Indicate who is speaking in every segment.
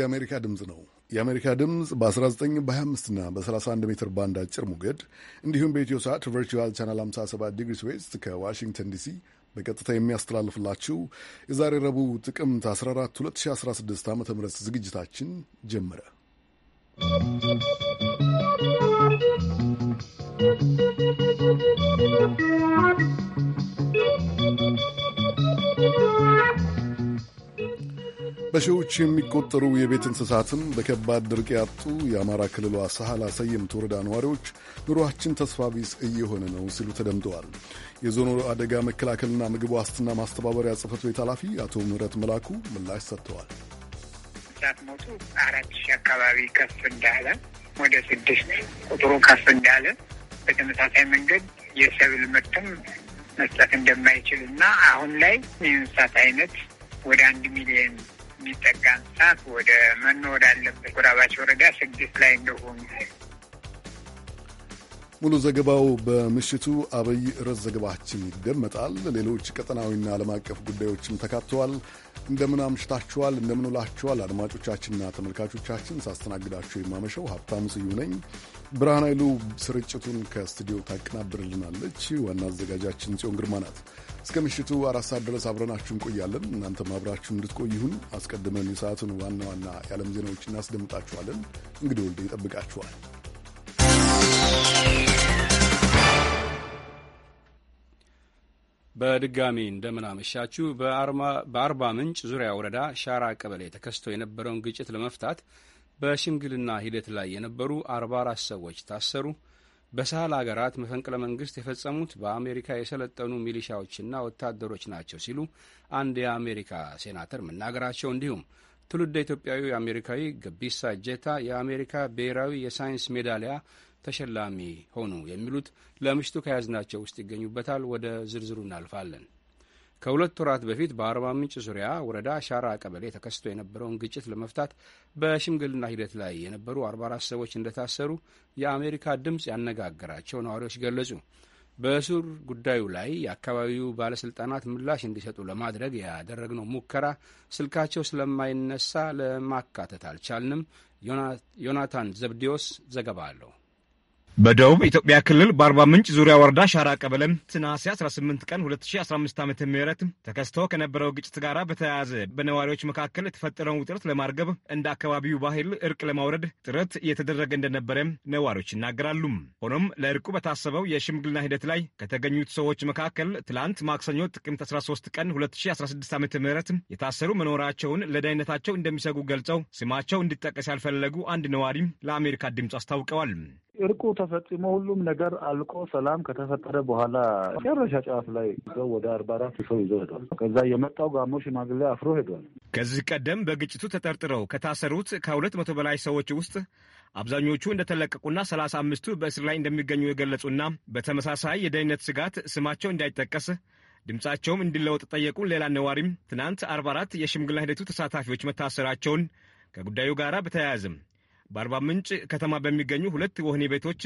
Speaker 1: የአሜሪካ ድምፅ ነው። የአሜሪካ ድምፅ በ19 25 እና በ31 ሜትር ባንድ አጭር ሞገድ እንዲሁም በኢትዮ ሰዓት ቨርቹዋል ቻናል 57 ዲግሪ ስዌስት ከዋሽንግተን ዲሲ በቀጥታ የሚያስተላልፍላችሁ የዛሬ ረቡዕ ጥቅምት 14 2016 ዓ ም ዝግጅታችን ጀመረ።
Speaker 2: ¶¶
Speaker 1: በሺዎች የሚቆጠሩ የቤት እንስሳትን በከባድ ድርቅ ያጡ የአማራ ክልሏ ሳህላ ሰየምት ወረዳ ነዋሪዎች ኑሯችን ተስፋ ቢስ እየሆነ ነው ሲሉ ተደምጠዋል። የዞኑ አደጋ መከላከልና ምግብ ዋስትና ማስተባበሪያ ጽህፈት ቤት ኃላፊ አቶ ምህረት መላኩ ምላሽ ሰጥተዋል።
Speaker 3: እንስሳት ሞቱ አራት ሺህ አካባቢ ከፍ እንዳለ ወደ ስድስት ቁጥሩ ከፍ እንዳለ በተመሳሳይ መንገድ የሰብል ምርትም መስጠት እንደማይችል እና አሁን ላይ የእንስሳት አይነት ወደ አንድ ሚሊየን የሚጠጋ እንስሳት ወደ መኖ ወዳለበት ጉራባች ወረዳ ስድስት ላይ እንደሆኑ
Speaker 1: ሙሉ ዘገባው በምሽቱ አብይ ርዕስ ዘገባችን ይደመጣል። ሌሎች ቀጠናዊና ዓለም አቀፍ ጉዳዮችም ተካተዋል። እንደምን አምሽታችኋል፣ እንደምን ውላችኋል አድማጮቻችንና ተመልካቾቻችን። ሳስተናግዳችሁ የማመሸው ሀብታም ስዩ ነኝ። ብርሃን ኃይሉ ስርጭቱን ከስቱዲዮ ታቀናብርልናለች። ዋና አዘጋጃችን ጽዮን ግርማ ናት። እስከ ምሽቱ አራት ሰዓት ድረስ አብረናችሁ እንቆያለን። እናንተም አብራችሁ እንድትቆይ ይሁን። አስቀድመን የሰዓቱን ዋና ዋና የዓለም ዜናዎች እናስደምጣችኋለን። እንግዲህ ወልደ ይጠብቃችኋል።
Speaker 4: በድጋሚ እንደምናመሻችሁ። በአርባ ምንጭ ዙሪያ ወረዳ ሻራ ቀበሌ ተከስቶ የነበረውን ግጭት ለመፍታት በሽምግልና ሂደት ላይ የነበሩ አርባ አራት ሰዎች ታሰሩ። በሳህል አገራት መፈንቅለ መንግስት የፈጸሙት በአሜሪካ የሰለጠኑ ሚሊሻዎችና ወታደሮች ናቸው ሲሉ አንድ የአሜሪካ ሴናተር መናገራቸው እንዲሁም ትውልደ ኢትዮጵያዊ አሜሪካዊ ገቢሳ እጀታ የአሜሪካ ብሔራዊ የሳይንስ ሜዳሊያ ተሸላሚ ሆኑ የሚሉት ለምሽቱ ከያዝናቸው ውስጥ ይገኙበታል። ወደ ዝርዝሩ እናልፋለን። ከሁለት ወራት በፊት በአርባ ምንጭ ዙሪያ ወረዳ ሻራ ቀበሌ ተከስቶ የነበረውን ግጭት ለመፍታት በሽምግልና ሂደት ላይ የነበሩ 44 ሰዎች እንደታሰሩ የአሜሪካ ድምፅ ያነጋገራቸው ነዋሪዎች ገለጹ። በእስር ጉዳዩ ላይ የአካባቢው ባለስልጣናት ምላሽ እንዲሰጡ ለማድረግ ያደረግነው ሙከራ ስልካቸው ስለማይነሳ ለማካተት አልቻልንም። ዮናታን ዘብዴዎስ
Speaker 5: ዘገባ አለው። በደቡብ ኢትዮጵያ ክልል በአርባ ምንጭ ዙሪያ ወረዳ ሻራ ቀበሌ ትናሴ 18 ቀን 2015 ዓ ም ተከስቶ ከነበረው ግጭት ጋር በተያያዘ በነዋሪዎች መካከል የተፈጠረውን ውጥረት ለማርገብ እንደ አካባቢው ባህል እርቅ ለማውረድ ጥረት እየተደረገ እንደነበረ ነዋሪዎች ይናገራሉ። ሆኖም ለእርቁ በታሰበው የሽምግልና ሂደት ላይ ከተገኙት ሰዎች መካከል ትላንት ማክሰኞ ጥቅምት 13 ቀን 2016 ዓ ም የታሰሩ መኖራቸውን ለደህንነታቸው እንደሚሰጉ ገልጸው ስማቸው እንዲጠቀስ ያልፈለጉ አንድ ነዋሪ ለአሜሪካ ድምፅ አስታውቀዋል።
Speaker 6: እርቁ ተፈጽሞ ሁሉም ነገር አልቆ ሰላም ከተፈጠረ በኋላ መጨረሻ ጫፍ ላይ ሰው ወደ አርባ አራት ሰው ይዞ ሄዷል። ከዛ የመጣው ጋሞ ሽማግሌ አፍሮ ሄዷል።
Speaker 5: ከዚህ ቀደም በግጭቱ ተጠርጥረው ከታሰሩት ከሁለት መቶ በላይ ሰዎች ውስጥ አብዛኞቹ እንደተለቀቁና ሰላሳ አምስቱ በእስር ላይ እንደሚገኙ የገለጹና በተመሳሳይ የደህንነት ስጋት ስማቸው እንዳይጠቀስ ድምፃቸውም እንዲለወጥ ጠየቁን። ሌላ ነዋሪም ትናንት አርባ አራት የሽምግልና ሂደቱ ተሳታፊዎች መታሰራቸውን ከጉዳዩ ጋር በተያያዘም በአርባ ምንጭ ከተማ በሚገኙ ሁለት ወህኒ ቤቶች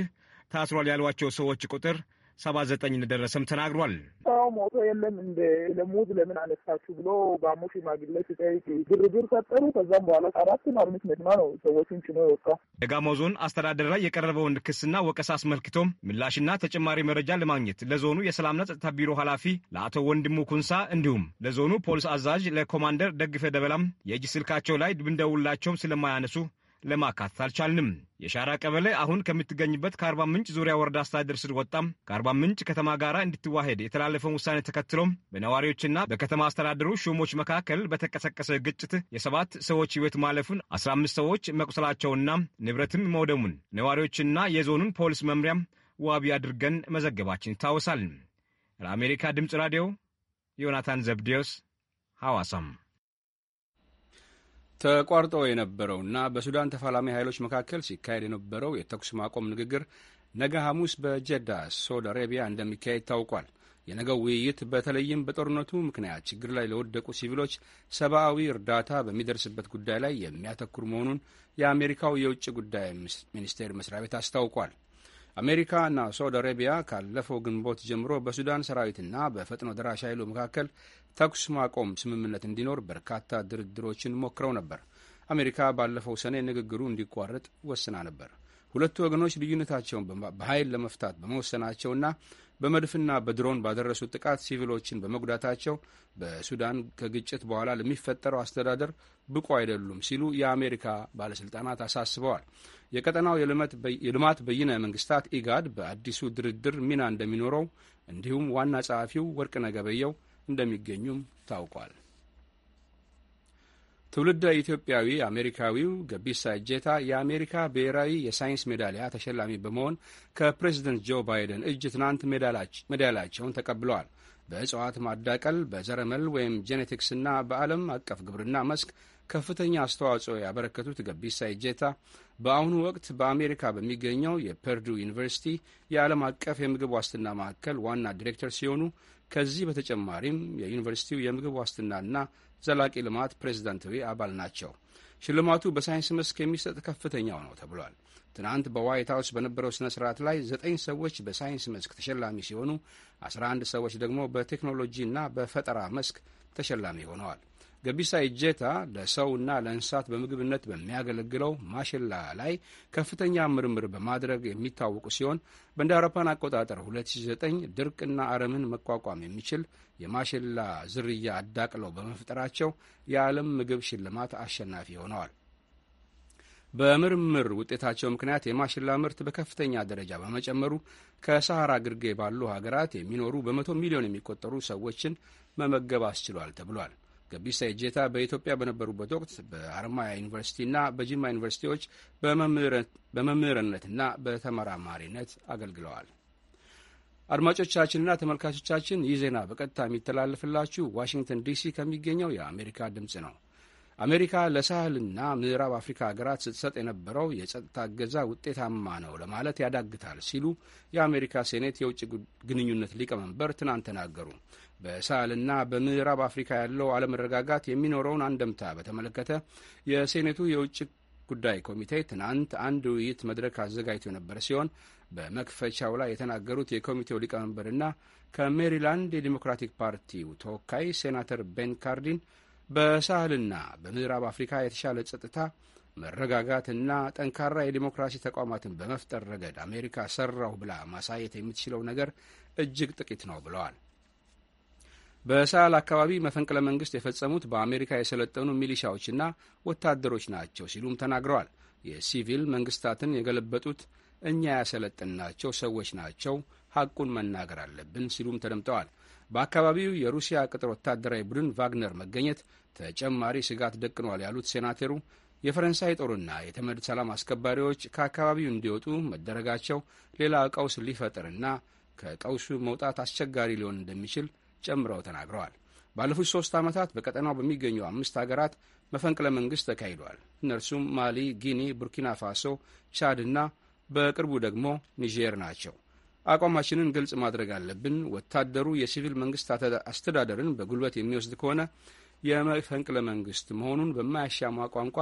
Speaker 5: ታስሯል ያሏቸው ሰዎች ቁጥር ሰባ ዘጠኝ እንደደረሰም ተናግሯል።
Speaker 2: ሰው ሞቶ የለም እንደ ለሙዝ ለምን አነሳችሁ ብሎ ጋሞ ሽማግሌ ሲጠይቅ ግርግር ፈጠሩ። ከዛም በኋላ አራት አምስት መኪና ነው ሰዎችን ጭኖ የወጣ።
Speaker 5: የጋሞ ዞን አስተዳደር ላይ የቀረበውን ክስና ወቀሳ አስመልክቶም ምላሽና ተጨማሪ መረጃ ለማግኘት ለዞኑ የሰላምና ጸጥታ ቢሮ ኃላፊ ለአቶ ወንድሙ ኩንሳ እንዲሁም ለዞኑ ፖሊስ አዛዥ ለኮማንደር ደግፈ ደበላም የእጅ ስልካቸው ላይ ብንደውላቸውም ስለማያነሱ ለማካተት አልቻልንም። የሻራ ቀበሌ አሁን ከምትገኝበት ከአርባ ምንጭ ዙሪያ ወረዳ አስተዳደር ስር ወጣም ከአርባ ምንጭ ከተማ ጋር እንድትዋሄድ የተላለፈውን ውሳኔ ተከትሎም በነዋሪዎችና በከተማ አስተዳደሩ ሹሞች መካከል በተቀሰቀሰ ግጭት የሰባት ሰዎች ህይወት ማለፉን፣ አስራ አምስት ሰዎች መቁሰላቸውና ንብረትም መውደሙን ነዋሪዎችና የዞኑን ፖሊስ መምሪያም ዋቢ አድርገን መዘገባችን ይታወሳል። ለአሜሪካ ድምፅ ራዲዮ ዮናታን ዘብዴዎስ ሐዋሳም
Speaker 4: ተቋርጦ የነበረውና በሱዳን ተፋላሚ ኃይሎች መካከል ሲካሄድ የነበረው የተኩስ ማቆም ንግግር ነገ ሐሙስ በጀዳ ሳውዲ አረቢያ እንደሚካሄድ ታውቋል። የነገው ውይይት በተለይም በጦርነቱ ምክንያት ችግር ላይ ለወደቁ ሲቪሎች ሰብአዊ እርዳታ በሚደርስበት ጉዳይ ላይ የሚያተኩር መሆኑን የአሜሪካው የውጭ ጉዳይ ሚኒስቴር መስሪያ ቤት አስታውቋል። አሜሪካ እና ሳውዲ አረቢያ ካለፈው ግንቦት ጀምሮ በሱዳን ሰራዊትና በፈጥኖ ደራሽ ኃይሉ መካከል ተኩስ ማቆም ስምምነት እንዲኖር በርካታ ድርድሮችን ሞክረው ነበር። አሜሪካ ባለፈው ሰኔ ንግግሩ እንዲቋረጥ ወስና ነበር። ሁለቱ ወገኖች ልዩነታቸውን በኃይል ለመፍታት በመወሰናቸውና በመድፍና በድሮን ባደረሱት ጥቃት ሲቪሎችን በመጉዳታቸው በሱዳን ከግጭት በኋላ ለሚፈጠረው አስተዳደር ብቁ አይደሉም ሲሉ የአሜሪካ ባለስልጣናት አሳስበዋል። የቀጠናው የልማት በይነ መንግስታት ኢጋድ በአዲሱ ድርድር ሚና እንደሚኖረው እንዲሁም ዋና ጸሐፊው ወርቅነህ ገበየሁ እንደሚገኙም ታውቋል። ትውልደ ኢትዮጵያዊ አሜሪካዊው ገቢሳ እጄታ የአሜሪካ ብሔራዊ የሳይንስ ሜዳሊያ ተሸላሚ በመሆን ከፕሬዝደንት ጆ ባይደን እጅ ትናንት ሜዳሊያቸውን ተቀብለዋል። በእጽዋት ማዳቀል፣ በዘረመል ወይም ጄኔቲክስና በዓለም አቀፍ ግብርና መስክ ከፍተኛ አስተዋጽኦ ያበረከቱት ገቢሳ እጄታ በአሁኑ ወቅት በአሜሪካ በሚገኘው የፐርዱ ዩኒቨርሲቲ የዓለም አቀፍ የምግብ ዋስትና ማዕከል ዋና ዲሬክተር ሲሆኑ ከዚህ በተጨማሪም የዩኒቨርሲቲው የምግብ ዋስትናና ዘላቂ ልማት ፕሬዝዳንታዊ አባል ናቸው። ሽልማቱ በሳይንስ መስክ የሚሰጥ ከፍተኛው ነው ተብሏል። ትናንት በዋይት ሀውስ በነበረው ስነ ስርዓት ላይ ዘጠኝ ሰዎች በሳይንስ መስክ ተሸላሚ ሲሆኑ አንድ ሰዎች ደግሞ በቴክኖሎጂና በፈጠራ መስክ ተሸላሚ ሆነዋል። ገቢሳ እጀታ ለሰውና ለእንስሳት በምግብነት በሚያገለግለው ማሽላ ላይ ከፍተኛ ምርምር በማድረግ የሚታወቁ ሲሆን በእንደ አውሮፓን አቆጣጠር 2009 ድርቅና አረምን መቋቋም የሚችል የማሽላ ዝርያ አዳቅለው በመፍጠራቸው የዓለም ምግብ ሽልማት አሸናፊ ሆነዋል። በምርምር ውጤታቸው ምክንያት የማሽላ ምርት በከፍተኛ ደረጃ በመጨመሩ ከሰሐራ ግርጌ ባሉ ሀገራት የሚኖሩ በመቶ ሚሊዮን የሚቆጠሩ ሰዎችን መመገብ አስችሏል ተብሏል። ገቢሳ እጀታ በኢትዮጵያ በነበሩበት ወቅት በአርማያ ዩኒቨርሲቲና በጂማ ዩኒቨርሲቲዎች በመምህርነትና በተመራማሪነት አገልግለዋል። አድማጮቻችንና ተመልካቾቻችን ይህ ዜና በቀጥታ የሚተላለፍላችሁ ዋሽንግተን ዲሲ ከሚገኘው የአሜሪካ ድምፅ ነው። አሜሪካ ለሳህልና ምዕራብ አፍሪካ ሀገራት ስትሰጥ የነበረው የጸጥታ እገዛ ውጤታማ ነው ለማለት ያዳግታል ሲሉ የአሜሪካ ሴኔት የውጭ ግንኙነት ሊቀመንበር ትናንት ተናገሩ። በሳህልና በምዕራብ አፍሪካ ያለው አለመረጋጋት የሚኖረውን አንደምታ በተመለከተ የሴኔቱ የውጭ ጉዳይ ኮሚቴ ትናንት አንድ ውይይት መድረክ አዘጋጅቶ የነበረ ሲሆን በመክፈቻው ላይ የተናገሩት የኮሚቴው ሊቀመንበርና ከሜሪላንድ የዲሞክራቲክ ፓርቲው ተወካይ ሴናተር ቤን ካርዲን በሳህልና በምዕራብ አፍሪካ የተሻለ ጸጥታ፣ መረጋጋትና ጠንካራ የዲሞክራሲ ተቋማትን በመፍጠር ረገድ አሜሪካ ሰራሁ ብላ ማሳየት የምትችለው ነገር እጅግ ጥቂት ነው ብለዋል። በሳህል አካባቢ መፈንቅለ መንግስት የፈጸሙት በአሜሪካ የሰለጠኑ ሚሊሻዎችና ወታደሮች ናቸው ሲሉም ተናግረዋል። የሲቪል መንግስታትን የገለበጡት እኛ ያሰለጠንናቸው ሰዎች ናቸው፣ ሐቁን መናገር አለብን ሲሉም ተደምጠዋል። በአካባቢው የሩሲያ ቅጥር ወታደራዊ ቡድን ቫግነር መገኘት ተጨማሪ ስጋት ደቅኗል ያሉት ሴናተሩ የፈረንሳይ ጦርና የተመድ ሰላም አስከባሪዎች ከአካባቢው እንዲወጡ መደረጋቸው ሌላ ቀውስ ሊፈጥርና ከቀውሱ መውጣት አስቸጋሪ ሊሆን እንደሚችል ጨምረው ተናግረዋል። ባለፉት ሶስት ዓመታት በቀጠናው በሚገኙ አምስት ሀገራት መፈንቅለ መንግሥት ተካሂዷል። እነርሱም ማሊ፣ ጊኒ፣ ቡርኪና ፋሶ፣ ቻድና በቅርቡ ደግሞ ኒጀር ናቸው። አቋማችንን ግልጽ ማድረግ አለብን። ወታደሩ የሲቪል መንግስት አስተዳደርን በጉልበት የሚወስድ ከሆነ የመፈንቅለ መንግስት መሆኑን በማያሻማ ቋንቋ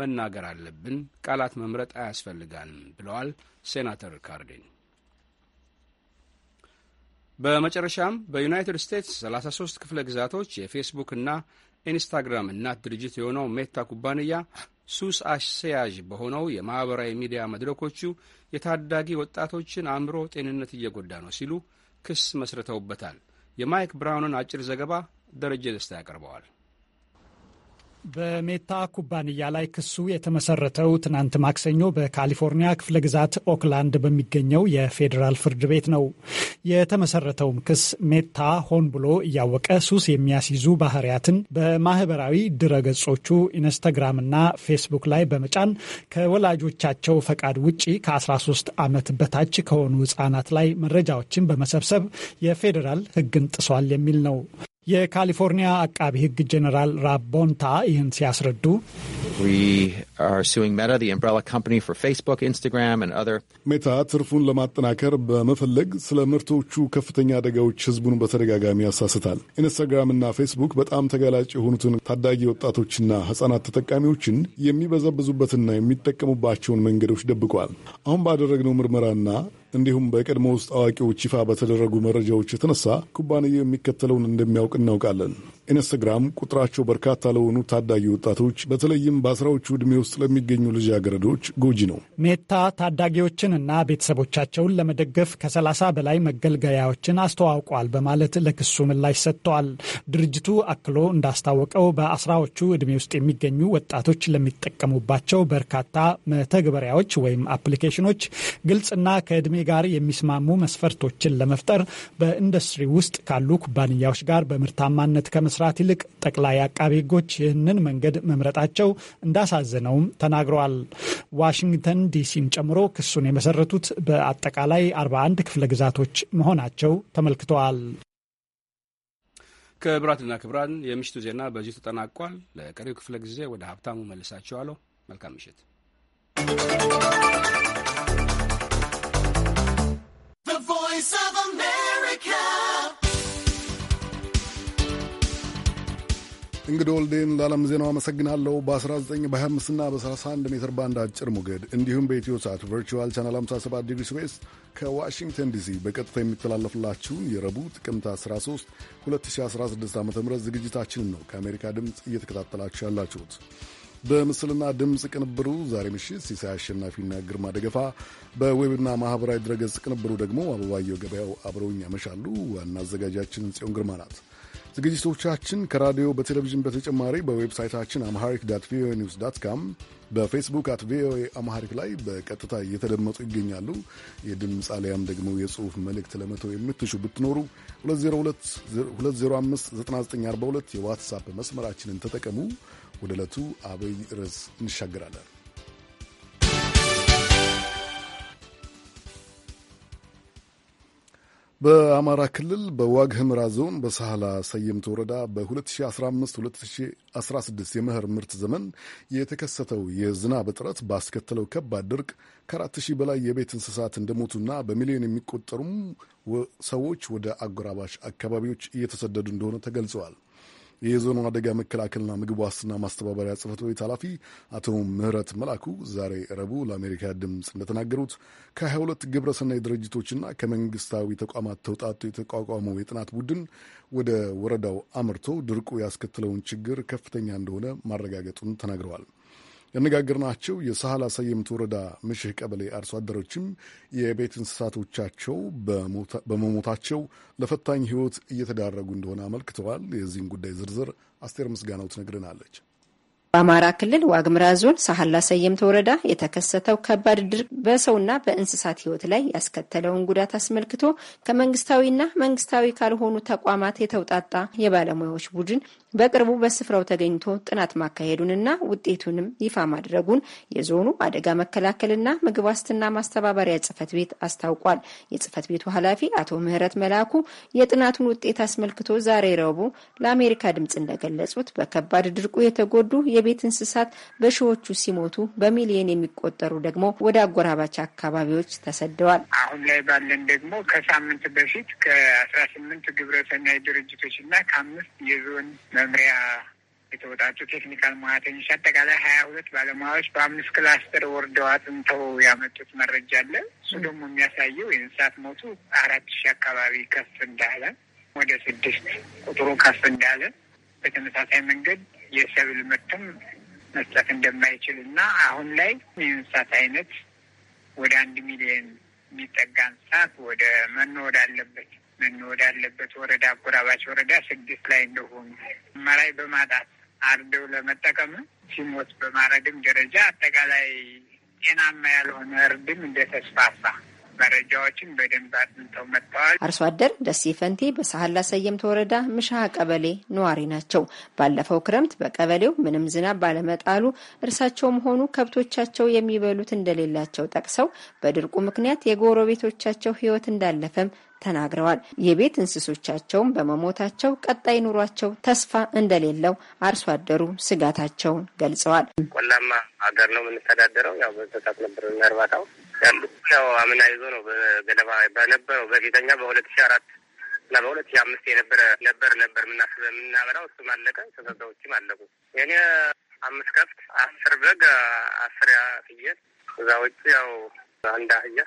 Speaker 4: መናገር አለብን። ቃላት መምረጥ አያስፈልጋልም ብለዋል ሴናተር ካርዲን። በመጨረሻም በዩናይትድ ስቴትስ 33 ክፍለ ግዛቶች የፌስቡክ እና ኢንስታግራም እናት ድርጅት የሆነው ሜታ ኩባንያ ሱስ አስያዥ በሆነው የማኅበራዊ ሚዲያ መድረኮቹ የታዳጊ ወጣቶችን አእምሮ ጤንነት እየጎዳ ነው ሲሉ ክስ መስርተውበታል። የማይክ ብራውንን አጭር ዘገባ ደረጀ ደስታ ያቀርበዋል።
Speaker 7: በሜታ ኩባንያ ላይ ክሱ የተመሰረተው ትናንት ማክሰኞ በካሊፎርኒያ ክፍለ ግዛት ኦክላንድ በሚገኘው የፌዴራል ፍርድ ቤት ነው። የተመሰረተውም ክስ ሜታ ሆን ብሎ እያወቀ ሱስ የሚያስይዙ ባህሪያትን በማህበራዊ ድረገጾቹ ኢንስተግራምና ፌስቡክ ላይ በመጫን ከወላጆቻቸው ፈቃድ ውጪ ከ13 ዓመት በታች ከሆኑ ህጻናት ላይ መረጃዎችን በመሰብሰብ የፌዴራል ህግን ጥሷል የሚል ነው። የካሊፎርኒያ አቃቢ ሕግ ጀኔራል ራብ ቦንታ ይህን
Speaker 1: ሲያስረዱ ሜታ ትርፉን ለማጠናከር በመፈለግ ስለ ምርቶቹ ከፍተኛ አደጋዎች ህዝቡን በተደጋጋሚ ያሳስታል። ኢንስታግራምና ፌስቡክ በጣም ተጋላጭ የሆኑትን ታዳጊ ወጣቶችና ህጻናት ተጠቃሚዎችን የሚበዘብዙበትና የሚጠቀሙባቸውን መንገዶች ደብቋል። አሁን ባደረግነው ምርመራና እንዲሁም በቀድሞ ውስጥ አዋቂዎች ይፋ በተደረጉ መረጃዎች የተነሳ ኩባንያው የሚከተለውን እንደሚያውቅ እናውቃለን። ኢንስተግራም ቁጥራቸው በርካታ ለሆኑ ታዳጊ ወጣቶች በተለይም በአስራዎቹ ዕድሜ ውስጥ ለሚገኙ ልጃገረዶች ጎጂ ነው።
Speaker 7: ሜታ ታዳጊዎችንና ቤተሰቦቻቸውን ለመደገፍ ከ30 በላይ መገልገያዎችን አስተዋውቋል በማለት ለክሱ ምላሽ ሰጥተዋል። ድርጅቱ አክሎ እንዳስታወቀው በአስራዎቹ ዕድሜ ውስጥ የሚገኙ ወጣቶች ለሚጠቀሙባቸው በርካታ መተግበሪያዎች ወይም አፕሊኬሽኖች ግልጽና ከዕድሜ ጋር የሚስማሙ መስፈርቶችን ለመፍጠር በኢንዱስትሪ ውስጥ ካሉ ኩባንያዎች ጋር በምርታማነት ከመስራት ከመስራት ይልቅ ጠቅላይ አቃቢ ሕጎች ይህንን መንገድ መምረጣቸው እንዳሳዘነውም ተናግረዋል። ዋሽንግተን ዲሲን ጨምሮ ክሱን የመሰረቱት በአጠቃላይ 41 ክፍለ ግዛቶች መሆናቸው ተመልክተዋል።
Speaker 4: ክቡራትና ክቡራን የምሽቱ ዜና በዚሁ ተጠናቋል። ለቀሪው ክፍለ ጊዜ ወደ ሀብታሙ መልሳችኋለሁ። መልካም ምሽት።
Speaker 1: እንግዲህ ወልዴን ለዓለም ዜናው አመሰግናለሁ። በ19 በ25ና በ31 ሜትር ባንድ አጭር ሞገድ እንዲሁም በኢትዮ ሳት ቨርቹዋል ቻናል 57 ዲግሪ ስዌስት ከዋሽንግተን ዲሲ በቀጥታ የሚተላለፍላችሁን የረቡዕ ጥቅምት 13 2016 ዓ ም ዝግጅታችንን ነው ከአሜሪካ ድምፅ እየተከታተላችሁ ያላችሁት። በምስልና ድምፅ ቅንብሩ ዛሬ ምሽት ሲሳይ አሸናፊና ግርማ ደገፋ፣ በዌብና ማኅበራዊ ድረገጽ ቅንብሩ ደግሞ አበባየው ገበያው አብረውኝ ያመሻሉ። ዋና አዘጋጃችን ጽዮን ግርማ ናት። ዝግጅቶቻችን ከራዲዮ በቴሌቪዥን በተጨማሪ በዌብሳይታችን አምሃሪክ ዳት ቪኦኤ ኒውስ ዳት ካም በፌስቡክ አት ቪኦኤ አምሃሪክ ላይ በቀጥታ እየተደመጡ ይገኛሉ። የድምፅ አሊያም ደግሞ የጽሑፍ መልእክት ለመተው የምትሹ ብትኖሩ 2022059942 የዋትሳፕ መስመራችንን ተጠቀሙ። ወደ ዕለቱ አበይ ርዕስ እንሻገራለን። በአማራ ክልል በዋግ ህምራ ዞን በሳህላ ሰየምት ወረዳ በ2015-2016 የመኸር ምርት ዘመን የተከሰተው የዝናብ እጥረት ባስከተለው ከባድ ድርቅ ከ ሺህ በላይ የቤት እንስሳት እንደሞቱና በሚሊዮን የሚቆጠሩም ሰዎች ወደ አጎራባሽ አካባቢዎች እየተሰደዱ እንደሆነ ተገልጸዋል። የዞኑ አደጋ መከላከልና ምግብ ዋስትና ማስተባበሪያ ጽሕፈት ቤት ኃላፊ አቶ ምህረት መላኩ ዛሬ ረቡዕ ለአሜሪካ ድምፅ እንደተናገሩት ከ22 ግብረሰናይ ድርጅቶችና ከመንግስታዊ ተቋማት ተውጣጡ የተቋቋመው የጥናት ቡድን ወደ ወረዳው አምርቶ ድርቁ ያስከትለውን ችግር ከፍተኛ እንደሆነ ማረጋገጡን ተናግረዋል። ያነጋገርናቸው የሳህላ ሰየምት ወረዳ ምሽህ ቀበሌ አርሶ አደሮችም የቤት እንስሳቶቻቸው በመሞታቸው ለፈታኝ ሕይወት እየተዳረጉ እንደሆነ አመልክተዋል። የዚህን ጉዳይ ዝርዝር አስቴር ምስጋናው ትነግረናለች።
Speaker 8: በአማራ ክልል ዋግምራ ዞን ሳህላ ሰየምት ወረዳ የተከሰተው ከባድ ድርቅ በሰውና በእንስሳት ሕይወት ላይ ያስከተለውን ጉዳት አስመልክቶ ከመንግስታዊና መንግስታዊ ካልሆኑ ተቋማት የተውጣጣ የባለሙያዎች ቡድን በቅርቡ በስፍራው ተገኝቶ ጥናት ማካሄዱንና ውጤቱንም ይፋ ማድረጉን የዞኑ አደጋ መከላከልና ምግብ ዋስትና ማስተባበሪያ ጽህፈት ቤት አስታውቋል። የጽህፈት ቤቱ ኃላፊ አቶ ምህረት መላኩ የጥናቱን ውጤት አስመልክቶ ዛሬ ረቡዕ ለአሜሪካ ድምፅ እንደገለጹት በከባድ ድርቁ የተጎዱ የቤት እንስሳት በሺዎቹ ሲሞቱ በሚሊዮን የሚቆጠሩ ደግሞ ወደ አጎራባች አካባቢዎች ተሰደዋል። አሁን
Speaker 3: ላይ ባለን ደግሞ ከሳምንት በፊት ከአስራ ስምንት ግብረሰናይ ድርጅቶች እና ከአምስት የዞን መምሪያ የተወጣጡ ቴክኒካል ሙያተኞች አጠቃላይ ሀያ ሁለት ባለሙያዎች በአምስት ክላስተር ወርደው አጥንተው ያመጡት መረጃ አለ። እሱ ደግሞ የሚያሳየው የእንስሳት ሞቱ አራት ሺህ አካባቢ ከፍ እንዳለ ወደ ስድስት ቁጥሩ ከፍ እንዳለ በተመሳሳይ መንገድ የሰብል ምርትም መስጠት እንደማይችል እና አሁን ላይ የእንስሳት አይነት ወደ አንድ ሚሊዮን የሚጠጋ እንስሳት ወደ መኖ ወዳለበት መኖ ወዳለበት ወረዳ አጎራባች ወረዳ ስድስት ላይ እንደሆኑ መራይ በማጣት አርደው ለመጠቀም ሲሞት በማረድም ደረጃ አጠቃላይ ጤናማ ያልሆነ እርድም እንደተስፋፋ መረጃዎችን
Speaker 8: በደንብ አጥንተው መጥተዋል። አርሶ አደር ደሴ ፈንቴ በሳህላ ሰየምት ወረዳ ምሻሀ ቀበሌ ነዋሪ ናቸው። ባለፈው ክረምት በቀበሌው ምንም ዝናብ ባለመጣሉ እርሳቸውም ሆኑ ከብቶቻቸው የሚበሉት እንደሌላቸው ጠቅሰው በድርቁ ምክንያት የጎረቤቶቻቸው ሕይወት እንዳለፈም ተናግረዋል። የቤት እንስሶቻቸውም በመሞታቸው ቀጣይ ኑሯቸው ተስፋ እንደሌለው አርሶ አደሩ ስጋታቸውን ገልጸዋል።
Speaker 2: ቆላማ ሀገር ነው የምንተዳደረው። ያው በእንስሳት ነበር እርባታው ያሉት ያው አምና ይዞ ነው በገለባ በነበረው በፊተኛ በሁለት ሺ አራት እና በሁለት ሺ አምስት የነበረ ነበር ነበር ምናስበ የምናበላው እሱም አለቀ። ተሰዛዎችም አለቁ። የኔ አምስት ከፍት አስር በግ፣ አስር ፍየል እዛ ውጭ ያው አንድ አህያ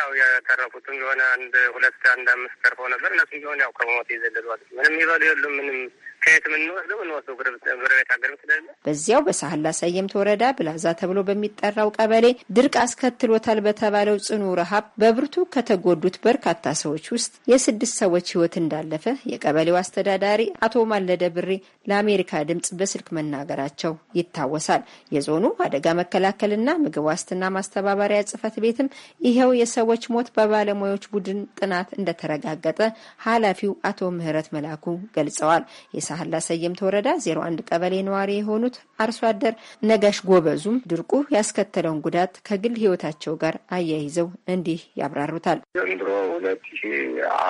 Speaker 2: ያው የተረፉትም የሆነ አንድ ሁለት አንድ አምስት ተርፈው ነበር። እነሱ ቢሆን ያው ከሞት
Speaker 8: የዘለሏል። ምንም ይበሉ የሉም ምንም ከየት የምንወስደው እንወስደው ጎረቤት ሀገር ስለሌለ በዚያው በሳህል ላሳየምት ወረዳ ብላዛ ተብሎ በሚጠራው ቀበሌ ድርቅ አስከትሎታል በተባለው ጽኑ ረሃብ በብርቱ ከተጎዱት በርካታ ሰዎች ውስጥ የስድስት ሰዎች ሕይወት እንዳለፈ የቀበሌው አስተዳዳሪ አቶ ማለደ ብሬ ለአሜሪካ ድምጽ በስልክ መናገራቸው ይታወሳል። የዞኑ አደጋ መከላከልና ምግብ ዋስትና ማስተባበሪያ ጽሕፈት ቤትም ይኸው የሰ ሰዎች ሞት በባለሙያዎች ቡድን ጥናት እንደተረጋገጠ ኃላፊው አቶ ምህረት መላኩ ገልጸዋል። የሳህላ ሰየምት ወረዳ 01 ቀበሌ ነዋሪ የሆኑት አርሶ አደር ነጋሽ ጎበዙም ድርቁ ያስከተለውን ጉዳት ከግል ሕይወታቸው ጋር አያይዘው እንዲህ ያብራሩታል።
Speaker 2: ዘንድሮ ሁለት ሺ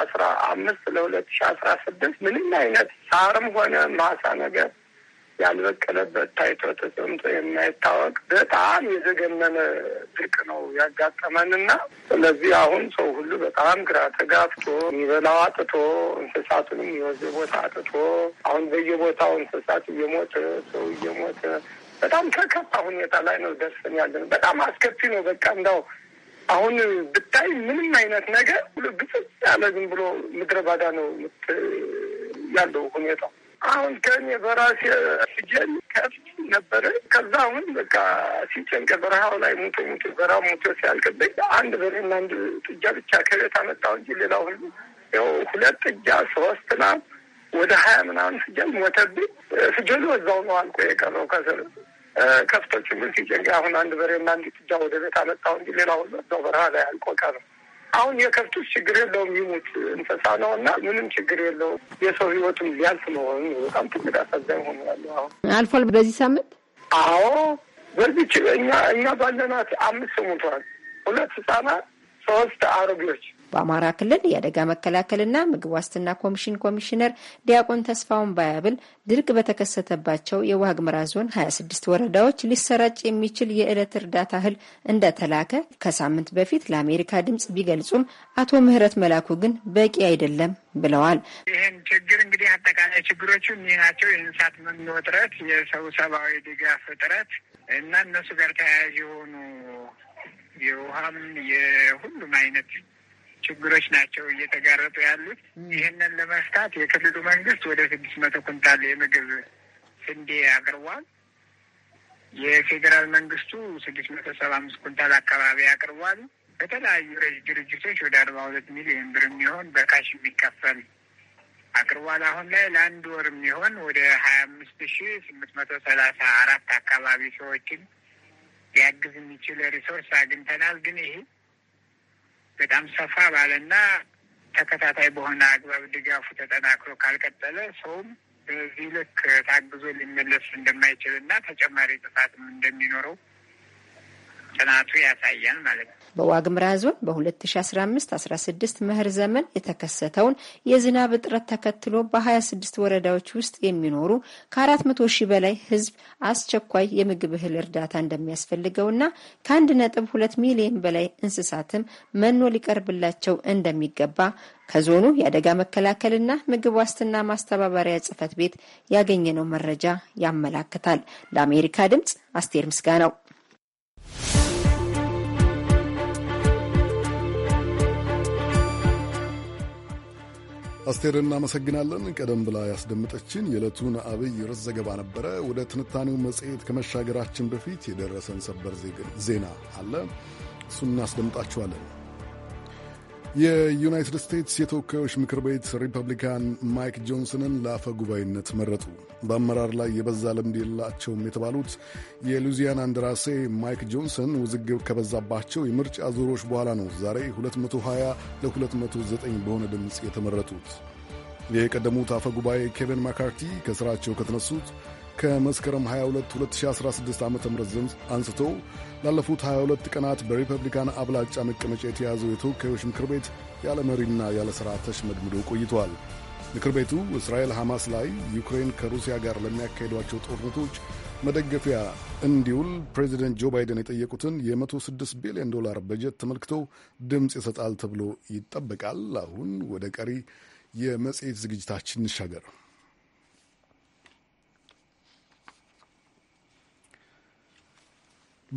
Speaker 2: አስራ አምስት ለሁለት ሺ አስራ ስድስት ምንም አይነት ሳርም ሆነ ማሳ ነገር ያልበቀለበት ታይቶ ተሰምቶ የማይታወቅ በጣም የዘገመነ ድርቅ ነው ያጋጠመንና ስለዚህ አሁን ሰው ሁሉ በጣም ግራ ተጋፍቶ የሚበላው አጥቶ እንስሳቱንም የወዘ ቦታ አጥቶ አሁን በየቦታው እንስሳት እየሞተ ሰው እየሞተ በጣም ከከፋ ሁኔታ ላይ ነው ደርሰን ያለን። በጣም አስከፊ ነው። በቃ እንዳው አሁን ብታይ ምንም አይነት ነገር ብሎ ግጽጽ ያለ ዝም ብሎ ምድረ ባዳ ነው ያለው ሁኔታው። አሁን ግን በራሴ ልጄን ከፍት ነበረ። ከዛ አሁን በቃ ሲጨንቅ በረሃው ላይ ሙቶ ሙቶ በረሃው ሙቶ ሲያልቅብኝ አንድ በሬና አንድ ጥጃ ብቻ ከቤት አመጣሁ እንጂ ሌላ ሁሉ ያው ሁለት ጥጃ ሶስት ና ወደ ሀያ ምናምን ስጀል ሞተብኝ። ስጀሉ እዛው ነው አልቆ የቀረው ከስር ከፍቶች ግን ሲጨንቅ አሁን አንድ በሬና አንድ ጥጃ ወደ ቤት አመጣሁ እንጂ ሌላ ሁሉ እዛው በረሃ ላይ አልቆ ቀረው። አሁን የከብቱ ችግር የለውም ይሙት እንስሳ ነው እና ምንም ችግር የለውም። የሰው ህይወትም ሊያልፍ መሆኑ በጣም ትግር አሳዛኝ ሆኑ ያለው አሁን
Speaker 8: አልፏል። በዚህ ሳምንት
Speaker 2: አዎ፣ በዚህ እኛ እኛ ባለናት አምስት ሙቷል። ሁለት ህጻናት፣ ሶስት አሮጌዎች
Speaker 8: በአማራ ክልል የአደጋ መከላከልና ምግብ ዋስትና ኮሚሽን ኮሚሽነር ዲያቆን ተስፋውን ባያብል ድርቅ በተከሰተባቸው የዋግምራ ዞን 26 ወረዳዎች ሊሰራጭ የሚችል የዕለት እርዳታ እህል እንደተላከ ከሳምንት በፊት ለአሜሪካ ድምጽ ቢገልጹም አቶ ምህረት መላኩ ግን በቂ አይደለም ብለዋል።
Speaker 3: ይህን ችግር
Speaker 8: እንግዲህ አጠቃላይ ችግሮቹ እኒህ ናቸው።
Speaker 3: የእንስሳት መኖ እጥረት፣ የሰው ሰብአዊ ድጋፍ እጥረት እና እነሱ ጋር ተያያዥ የሆኑ የውሃም የሁሉም አይነት ችግሮች ናቸው እየተጋረጡ ያሉት። ይህንን ለመፍታት የክልሉ መንግስት ወደ ስድስት መቶ ኩንታል የምግብ ስንዴ አቅርቧል። የፌዴራል መንግስቱ ስድስት መቶ ሰባ አምስት ኩንታል አካባቢ አቅርቧል። በተለያዩ ረጅ ድርጅቶች ወደ አርባ ሁለት ሚሊዮን ብር የሚሆን በካሽ የሚከፈል አቅርቧል። አሁን ላይ ለአንድ ወር የሚሆን ወደ ሀያ አምስት ሺ ስምንት መቶ ሰላሳ አራት አካባቢ ሰዎችን ሊያግዝ የሚችል ሪሶርስ አግኝተናል። ግን ይሄ በጣም ሰፋ ባለና ተከታታይ በሆነ አግባብ ድጋፉ ተጠናክሮ ካልቀጠለ ሰውም በዚህ ልክ ታግዞ ሊመለስ እንደማይችል እና ተጨማሪ ጥፋትም እንደሚኖረው ጥናቱ ያሳያል ማለት ነው።
Speaker 8: በዋግምራ ዞን በ2015/16 መኸር ዘመን የተከሰተውን የዝናብ እጥረት ተከትሎ በ26 ወረዳዎች ውስጥ የሚኖሩ ከ400 ሺህ በላይ ሕዝብ አስቸኳይ የምግብ እህል እርዳታ እንደሚያስፈልገውና ከ1.2 ሚሊዮን በላይ እንስሳትም መኖ ሊቀርብላቸው እንደሚገባ ከዞኑ የአደጋ መከላከልና ምግብ ዋስትና ማስተባበሪያ ጽሕፈት ቤት ያገኘነው መረጃ ያመላክታል። ለአሜሪካ ድምጽ አስቴር ምስጋ ነው።
Speaker 1: አስቴር እናመሰግናለን። ቀደም ብላ ያስደምጠችን የዕለቱን አብይ ርዕስ ዘገባ ነበረ። ወደ ትንታኔው መጽሔት ከመሻገራችን በፊት የደረሰን ሰበር ዜና አለ። እሱን እናስደምጣችኋለን። የዩናይትድ ስቴትስ የተወካዮች ምክር ቤት ሪፐብሊካን ማይክ ጆንሰንን ለአፈ ጉባኤነት መረጡ። በአመራር ላይ የበዛ ልምድ የላቸውም የተባሉት የሉዚያና እንደራሴ ማይክ ጆንሰን ውዝግብ ከበዛባቸው የምርጫ ዙሮች በኋላ ነው ዛሬ 220 ለ209 በሆነ ድምፅ የተመረጡት። የቀደሙት አፈ ጉባኤ ኬቨን ማካርቲ ከስራቸው ከተነሱት ከመስከረም 22 2016 ዓ ም አንስቶ ላለፉት 22 ቀናት በሪፐብሊካን አብላጫ መቀመጫ የተያዘው የተወካዮች ምክር ቤት ያለ መሪና ያለ ሥርዓት ተሽመድምዶ ቆይቷል። ምክር ቤቱ እስራኤል ሐማስ ላይ ዩክሬን ከሩሲያ ጋር ለሚያካሂዷቸው ጦርነቶች መደገፊያ እንዲውል ፕሬዚደንት ጆ ባይደን የጠየቁትን የ106 ቢሊዮን ዶላር በጀት ተመልክቶ ድምፅ ይሰጣል ተብሎ ይጠበቃል። አሁን ወደ ቀሪ የመጽሔት ዝግጅታችን እንሻገር።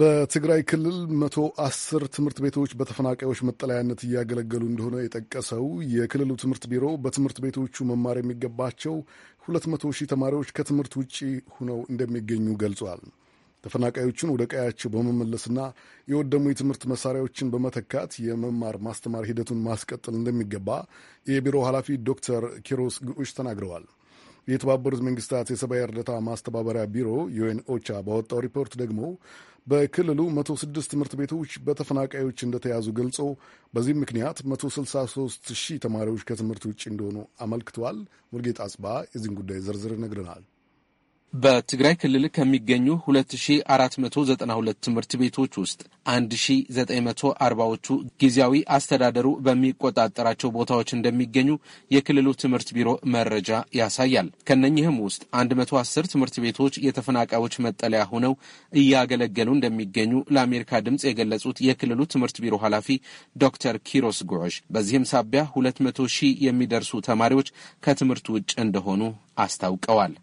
Speaker 1: በትግራይ ክልል መቶ አስር ትምህርት ቤቶች በተፈናቃዮች መጠለያነት እያገለገሉ እንደሆነ የጠቀሰው የክልሉ ትምህርት ቢሮ በትምህርት ቤቶቹ መማር የሚገባቸው ሁለት መቶ ሺህ ተማሪዎች ከትምህርት ውጪ ሆነው እንደሚገኙ ገልጿል። ተፈናቃዮቹን ወደ ቀያቸው በመመለስና የወደሙ የትምህርት መሳሪያዎችን በመተካት የመማር ማስተማር ሂደቱን ማስቀጠል እንደሚገባ የቢሮው ኃላፊ ዶክተር ኪሮስ ግዑሽ ተናግረዋል። የተባበሩት መንግስታት የሰብአዊ እርዳታ ማስተባበሪያ ቢሮ ዩኤን ኦቻ ባወጣው ሪፖርት ደግሞ በክልሉ 106 ትምህርት ቤቶች በተፈናቃዮች እንደተያዙ ገልጾ በዚህም ምክንያት 163 ሺህ ተማሪዎች ከትምህርት ውጭ እንደሆኑ አመልክተዋል። ሙልጌጣ አጽባ የዚህን ጉዳይ ዝርዝር ይነግረናል።
Speaker 9: በትግራይ ክልል ከሚገኙ 2492 ትምህርት ቤቶች ውስጥ 1940ዎቹ ጊዜያዊ አስተዳደሩ በሚቆጣጠራቸው ቦታዎች እንደሚገኙ የክልሉ ትምህርት ቢሮ መረጃ ያሳያል። ከነኚህም ውስጥ 110 ትምህርት ቤቶች የተፈናቃዮች መጠለያ ሆነው እያገለገሉ እንደሚገኙ ለአሜሪካ ድምፅ የገለጹት የክልሉ ትምህርት ቢሮ ኃላፊ ዶክተር ኪሮስ ጎሽ በዚህም ሳቢያ 200 ሺህ የሚደርሱ ተማሪዎች ከትምህርት ውጭ እንደሆኑ አስታውቀዋል።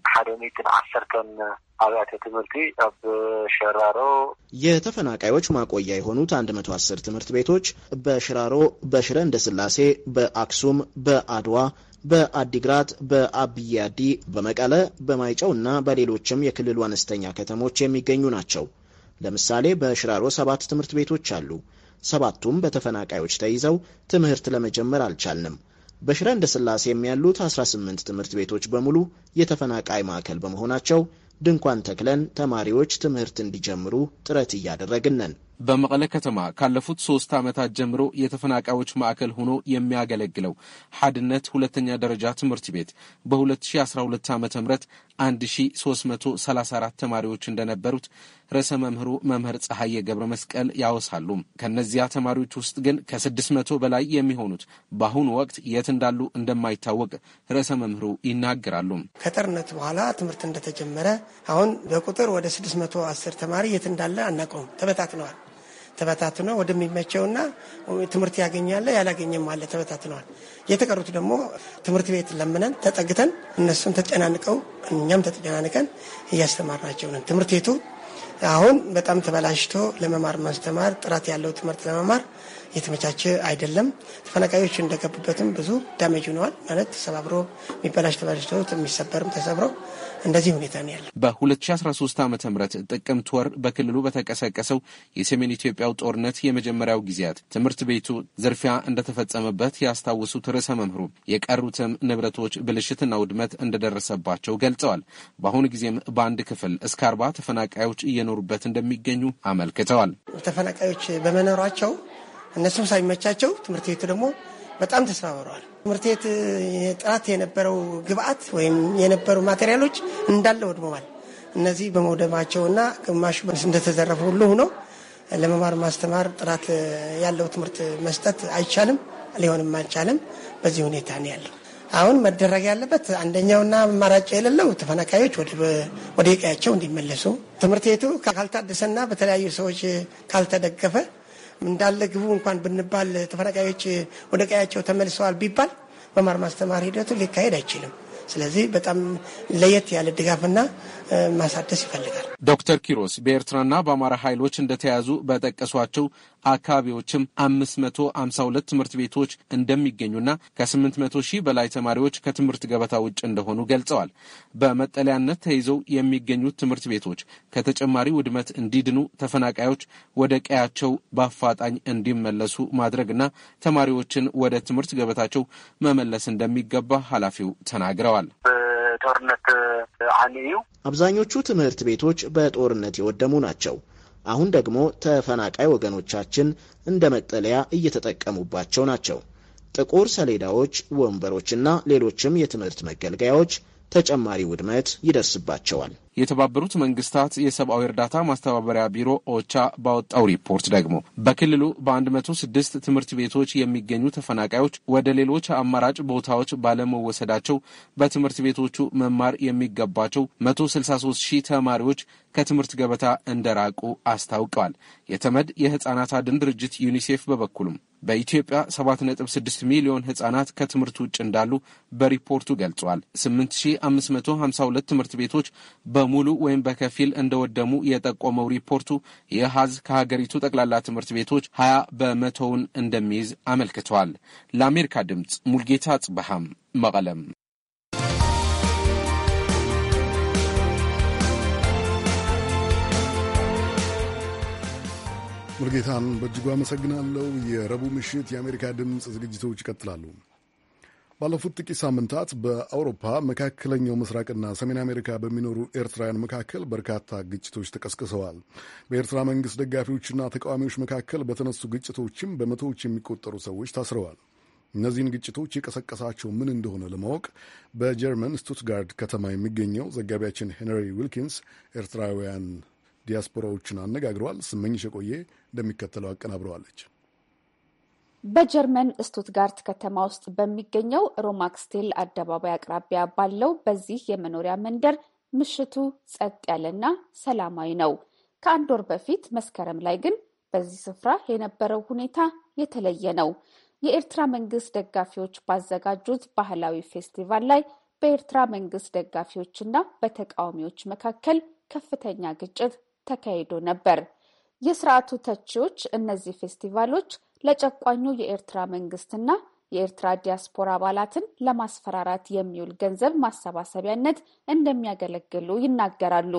Speaker 2: አብያተ ትምህርቲ ኣብ ሸራሮ
Speaker 5: የተፈናቃዮች ማቆያ የሆኑት አስር ትምህርት ቤቶች በሽራሮ፣ በሽረ እንደ ስላሴ፣ በአክሱም፣ በአድዋ በአዲግራት፣ በአብያዲ፣ በመቀለ፣ በማይጨው እና በሌሎችም የክልሉ አነስተኛ ከተሞች የሚገኙ ናቸው። ለምሳሌ በሽራሮ ሰባት ትምህርት ቤቶች አሉ። ሰባቱም በተፈናቃዮች ተይዘው ትምህርት ለመጀመር አልቻልንም። በሽረ እንደ ስላሴም ያሉት 18 ትምህርት ቤቶች በሙሉ የተፈናቃይ ማዕከል በመሆናቸው ድንኳን ተክለን ተማሪዎች ትምህርት እንዲጀምሩ ጥረት እያደረግን ነን።
Speaker 9: በመቀለ ከተማ ካለፉት ሶስት ዓመታት ጀምሮ የተፈናቃዮች ማዕከል ሆኖ የሚያገለግለው ሀድነት ሁለተኛ ደረጃ ትምህርት ቤት በ2012 ዓ ም 1334 ተማሪዎች እንደነበሩት ርዕሰ መምህሩ መምህር ፀሐዬ ገብረ መስቀል ያወሳሉ። ከእነዚያ ተማሪዎች ውስጥ ግን ከ600 በላይ የሚሆኑት በአሁኑ ወቅት የት እንዳሉ እንደማይታወቅ ርዕሰ መምህሩ ይናገራሉ።
Speaker 10: ከጦርነት በኋላ ትምህርት እንደተጀመረ አሁን በቁጥር ወደ 610 ተማሪ የት እንዳለ አናውቀውም፣ ተበታትነዋል። ተበታትነው ወደሚመቸውና ትምህርት ያገኛለ ያላገኘም አለ ተበታትነዋል። የተቀሩት ደግሞ ትምህርት ቤት ለምነን ተጠግተን እነሱን ተጨናንቀው እኛም ተጨናንቀን እያስተማርናቸው ነን። ትምህርት ቤቱ አሁን በጣም ተበላሽቶ ለመማር ማስተማር ጥራት ያለው ትምህርት ለመማር የተመቻቸ አይደለም። ተፈናቃዮች እንደገቡበትም ብዙ ዳሜጅ ሆነዋል ማለት ተሰባብሮ የሚበላሽ ተበላሽቶ የሚሰበርም ተሰብረው እንደዚህ ሁኔታ ነው ያለ።
Speaker 9: በ2013 ዓ ም ጥቅምት ወር በክልሉ በተቀሰቀሰው የሰሜን ኢትዮጵያው ጦርነት የመጀመሪያው ጊዜያት ትምህርት ቤቱ ዝርፊያ እንደተፈጸመበት ያስታውሱት ርዕሰ መምህሩ የቀሩትም ንብረቶች ብልሽትና ውድመት እንደደረሰባቸው ገልጸዋል። በአሁኑ ጊዜም በአንድ ክፍል እስከ አርባ ተፈናቃዮች እየኖሩበት እንደሚገኙ አመልክተዋል።
Speaker 10: ተፈናቃዮች በመኖሯቸው እነሱም ሳይመቻቸው ትምህርት ቤቱ ደግሞ በጣም ተሰባብረዋል። ትምህርት ቤት ጥራት የነበረው ግብአት ወይም የነበሩ ማቴሪያሎች እንዳለ ወድመዋል። እነዚህ በመውደማቸውና ግማሹ እንደተዘረፈ ሁሉ ሆኖ ለመማር ማስተማር ጥራት ያለው ትምህርት መስጠት አይቻልም፣ ሊሆንም አልቻለም። በዚህ ሁኔታ ነው ያለው። አሁን መደረግ ያለበት አንደኛውና አማራጭ የሌለው ተፈናቃዮች ወደ ቀያቸው እንዲመለሱ ትምህርት ቤቱ ካልታደሰና በተለያዩ ሰዎች ካልተደገፈ እንዳለ ግቡ እንኳን ብንባል ተፈናቃዮች ወደ ቀያቸው ተመልሰዋል ቢባል መማር ማስተማር ሂደቱ ሊካሄድ አይችልም። ስለዚህ በጣም ለየት ያለ ድጋፍና ማሳደስ ይፈልጋል።
Speaker 9: ዶክተር ኪሮስ በኤርትራና በአማራ ኃይሎች እንደተያዙ በጠቀሷቸው አካባቢዎችም አምስት መቶ አምሳ ሁለት ትምህርት ቤቶች እንደሚገኙና ከስምንት መቶ ሺህ በላይ ተማሪዎች ከትምህርት ገበታ ውጭ እንደሆኑ ገልጸዋል። በመጠለያነት ተይዘው የሚገኙት ትምህርት ቤቶች ከተጨማሪ ውድመት እንዲድኑ ተፈናቃዮች ወደ ቀያቸው በአፋጣኝ እንዲመለሱ ማድረግና ተማሪዎችን ወደ ትምህርት ገበታቸው መመለስ እንደሚገባ ኃላፊው ተናግረዋል።
Speaker 5: ጦርነት አንዩ አብዛኞቹ ትምህርት ቤቶች በጦርነት የወደሙ ናቸው። አሁን ደግሞ ተፈናቃይ ወገኖቻችን እንደ መጠለያ እየተጠቀሙባቸው ናቸው። ጥቁር ሰሌዳዎች፣ ወንበሮችና ሌሎችም የትምህርት መገልገያዎች ተጨማሪ ውድመት ይደርስባቸዋል።
Speaker 9: የተባበሩት መንግስታት የሰብአዊ እርዳታ ማስተባበሪያ ቢሮ ኦቻ ባወጣው ሪፖርት ደግሞ በክልሉ በ106 ትምህርት ቤቶች የሚገኙ ተፈናቃዮች ወደ ሌሎች አማራጭ ቦታዎች ባለመወሰዳቸው በትምህርት ቤቶቹ መማር የሚገባቸው 163 ሺህ ተማሪዎች ከትምህርት ገበታ እንደራቁ አስታውቀዋል። የተመድ የህጻናት አድን ድርጅት ዩኒሴፍ በበኩሉም በኢትዮጵያ 7.6 ሚሊዮን ህጻናት ከትምህርት ውጭ እንዳሉ በሪፖርቱ ገልጿል። 8552 ትምህርት ቤቶች በሙሉ ወይም በከፊል እንደወደሙ የጠቆመው ሪፖርቱ የሀዝ ከሀገሪቱ ጠቅላላ ትምህርት ቤቶች 20 በመቶውን እንደሚይዝ አመልክቷል። ለአሜሪካ ድምፅ ሙልጌታ ጽበሃም መቀለም
Speaker 1: ሙልጌታን በእጅጉ አመሰግናለሁ። የረቡዕ ምሽት የአሜሪካ ድምፅ ዝግጅቶች ይቀጥላሉ። ባለፉት ጥቂት ሳምንታት በአውሮፓ መካከለኛው ምስራቅና ሰሜን አሜሪካ በሚኖሩ ኤርትራውያን መካከል በርካታ ግጭቶች ተቀስቅሰዋል። በኤርትራ መንግሥት ደጋፊዎችና ተቃዋሚዎች መካከል በተነሱ ግጭቶችም በመቶዎች የሚቆጠሩ ሰዎች ታስረዋል። እነዚህን ግጭቶች የቀሰቀሳቸው ምን እንደሆነ ለማወቅ በጀርመን ስቱትጋርድ ከተማ የሚገኘው ዘጋቢያችን ሄንሪ ዊልኪንስ ኤርትራውያን ዲያስፖራዎችን አነጋግረዋል። ስመኝሽ የቆየ እንደሚከተለው አቀናብረዋለች።
Speaker 11: በጀርመን ስቱትጋርት ከተማ ውስጥ በሚገኘው ሮማክስቴል አደባባይ አቅራቢያ ባለው በዚህ የመኖሪያ መንደር ምሽቱ ጸጥ ያለና ሰላማዊ ነው። ከአንድ ወር በፊት መስከረም ላይ ግን በዚህ ስፍራ የነበረው ሁኔታ የተለየ ነው። የኤርትራ መንግስት ደጋፊዎች ባዘጋጁት ባህላዊ ፌስቲቫል ላይ በኤርትራ መንግስት ደጋፊዎችና በተቃዋሚዎች መካከል ከፍተኛ ግጭት ተካሂዶ ነበር። የስርዓቱ ተቺዎች እነዚህ ፌስቲቫሎች ለጨቋኙ የኤርትራ መንግስትና የኤርትራ ዲያስፖራ አባላትን ለማስፈራራት የሚውል ገንዘብ ማሰባሰቢያነት እንደሚያገለግሉ ይናገራሉ።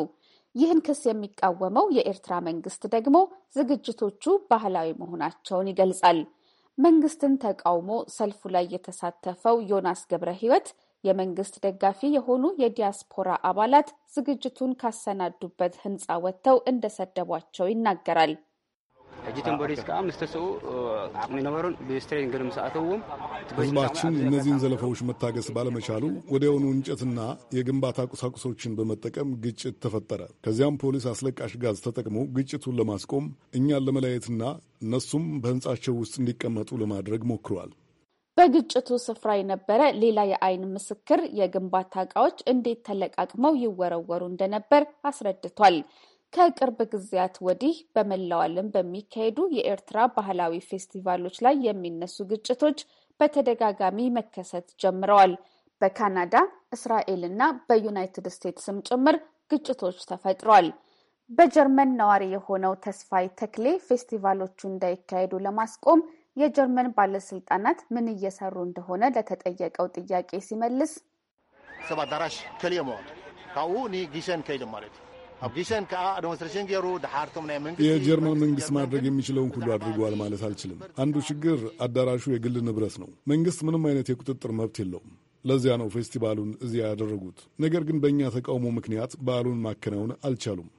Speaker 11: ይህን ክስ የሚቃወመው የኤርትራ መንግስት ደግሞ ዝግጅቶቹ ባህላዊ መሆናቸውን ይገልጻል። መንግስትን ተቃውሞ ሰልፉ ላይ የተሳተፈው ዮናስ ገብረ ሕይወት የመንግስት ደጋፊ የሆኑ የዲያስፖራ አባላት ዝግጅቱን ካሰናዱበት ህንፃ ወጥተው እንደሰደቧቸው ይናገራል።
Speaker 4: ህዝባችን እነዚህን
Speaker 1: ዘለፋዎች መታገስ ባለመቻሉ ወዲያውኑ እንጨትና የግንባታ ቁሳቁሶችን በመጠቀም ግጭት ተፈጠረ። ከዚያም ፖሊስ አስለቃሽ ጋዝ ተጠቅሞ ግጭቱን ለማስቆም እኛን ለመለያየትና እነሱም በህንፃቸው ውስጥ እንዲቀመጡ ለማድረግ ሞክረዋል።
Speaker 11: በግጭቱ ስፍራ የነበረ ሌላ የአይን ምስክር የግንባታ ዕቃዎች እንዴት ተለቃቅመው ይወረወሩ እንደነበር አስረድቷል። ከቅርብ ጊዜያት ወዲህ በመላው ዓለም በሚካሄዱ የኤርትራ ባህላዊ ፌስቲቫሎች ላይ የሚነሱ ግጭቶች በተደጋጋሚ መከሰት ጀምረዋል። በካናዳ፣ እስራኤል እና በዩናይትድ ስቴትስም ጭምር ግጭቶች ተፈጥሯል። በጀርመን ነዋሪ የሆነው ተስፋይ ተክሌ ፌስቲቫሎቹ እንዳይካሄዱ ለማስቆም የጀርመን ባለስልጣናት ምን እየሰሩ እንደሆነ ለተጠየቀው ጥያቄ ሲመልስ
Speaker 12: ሰባዳራሽ ከልየመዋል ካብኡ ንጊሰን ከይደ ማለት የጀርመን
Speaker 1: መንግስት ማድረግ የሚችለውን ሁሉ አድርገዋል ማለት አልችልም። አንዱ ችግር አዳራሹ የግል ንብረት ነው። መንግስት ምንም አይነት የቁጥጥር መብት የለውም። ለዚያ ነው ፌስቲቫሉን እዚያ ያደረጉት። ነገር ግን በእኛ ተቃውሞ ምክንያት በዓሉን ማከናወን አልቻሉም።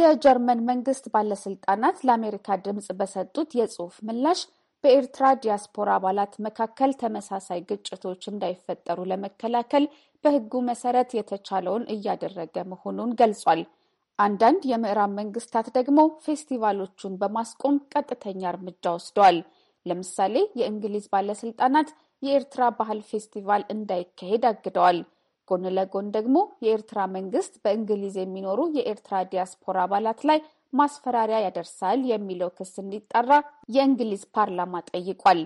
Speaker 11: የጀርመን መንግስት ባለስልጣናት ለአሜሪካ ድምፅ በሰጡት የጽሁፍ ምላሽ በኤርትራ ዲያስፖራ አባላት መካከል ተመሳሳይ ግጭቶች እንዳይፈጠሩ ለመከላከል በሕጉ መሰረት የተቻለውን እያደረገ መሆኑን ገልጿል። አንዳንድ የምዕራብ መንግስታት ደግሞ ፌስቲቫሎቹን በማስቆም ቀጥተኛ እርምጃ ወስደዋል። ለምሳሌ የእንግሊዝ ባለስልጣናት የኤርትራ ባህል ፌስቲቫል እንዳይካሄድ አግደዋል። ጎን ለጎን ደግሞ የኤርትራ መንግስት በእንግሊዝ የሚኖሩ የኤርትራ ዲያስፖራ አባላት ላይ ማስፈራሪያ ያደርሳል የሚለው ክስ እንዲጣራ የእንግሊዝ ፓርላማ ጠይቋል።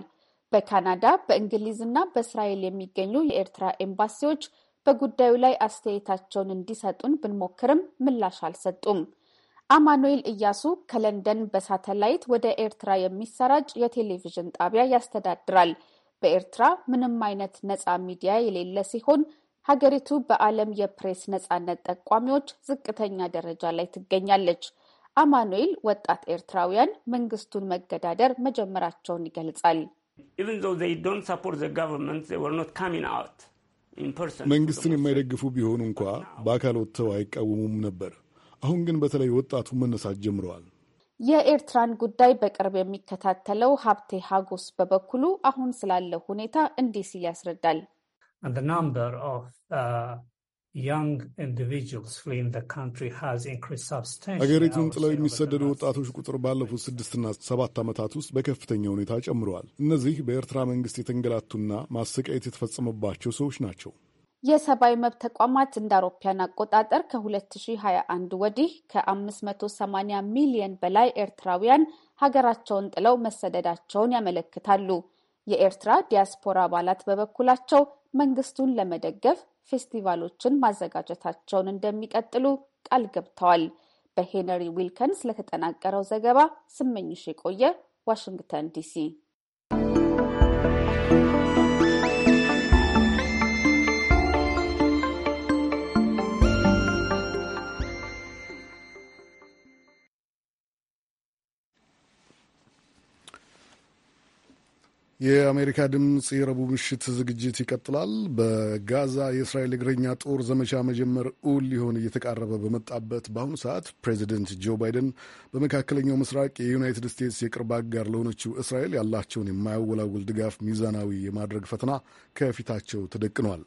Speaker 11: በካናዳ በእንግሊዝና በእስራኤል የሚገኙ የኤርትራ ኤምባሲዎች በጉዳዩ ላይ አስተያየታቸውን እንዲሰጡን ብንሞክርም ምላሽ አልሰጡም። አማኑኤል እያሱ ከለንደን በሳተላይት ወደ ኤርትራ የሚሰራጭ የቴሌቪዥን ጣቢያ ያስተዳድራል። በኤርትራ ምንም አይነት ነፃ ሚዲያ የሌለ ሲሆን ሀገሪቱ በዓለም የፕሬስ ነፃነት ጠቋሚዎች ዝቅተኛ ደረጃ ላይ ትገኛለች። አማኑኤል ወጣት ኤርትራውያን መንግስቱን መገዳደር መጀመራቸውን ይገልጻል።
Speaker 12: መንግስትን
Speaker 1: የማይደግፉ ቢሆኑ እንኳ በአካል ወጥተው አይቃወሙም ነበር። አሁን ግን በተለይ ወጣቱ መነሳት ጀምረዋል።
Speaker 11: የኤርትራን ጉዳይ በቅርብ የሚከታተለው ሀብቴ ሀጎስ በበኩሉ አሁን ስላለው ሁኔታ እንዲህ ሲል ያስረዳል።
Speaker 7: ሀገሪቱን ጥለው የሚሰደዱ
Speaker 1: ወጣቶች ቁጥር ባለፉት ስድስትና ሰባት ዓመታት ውስጥ በከፍተኛ ሁኔታ ጨምረዋል። እነዚህ በኤርትራ መንግስት የተንገላቱና ማሰቃየት የተፈጸመባቸው ሰዎች ናቸው።
Speaker 11: የሰብአዊ መብት ተቋማት እንደ አውሮፓያን አቆጣጠር ከ2021 ወዲህ ከ580 ሚሊየን በላይ ኤርትራውያን ሀገራቸውን ጥለው መሰደዳቸውን ያመለክታሉ። የኤርትራ ዲያስፖራ አባላት በበኩላቸው መንግስቱን ለመደገፍ ፌስቲቫሎችን ማዘጋጀታቸውን እንደሚቀጥሉ ቃል ገብተዋል። በሄነሪ ዊልከንስ ለተጠናቀረው ዘገባ ስመኝሽ የቆየ ዋሽንግተን ዲሲ
Speaker 1: የአሜሪካ ድምፅ የረቡዕ ምሽት ዝግጅት ይቀጥላል። በጋዛ የእስራኤል እግረኛ ጦር ዘመቻ መጀመር እውን ሊሆን እየተቃረበ በመጣበት በአሁኑ ሰዓት ፕሬዚደንት ጆ ባይደን በመካከለኛው ምስራቅ የዩናይትድ ስቴትስ የቅርብ አጋር ለሆነችው እስራኤል ያላቸውን የማያወላውል ድጋፍ ሚዛናዊ የማድረግ ፈተና ከፊታቸው ተደቅኗል።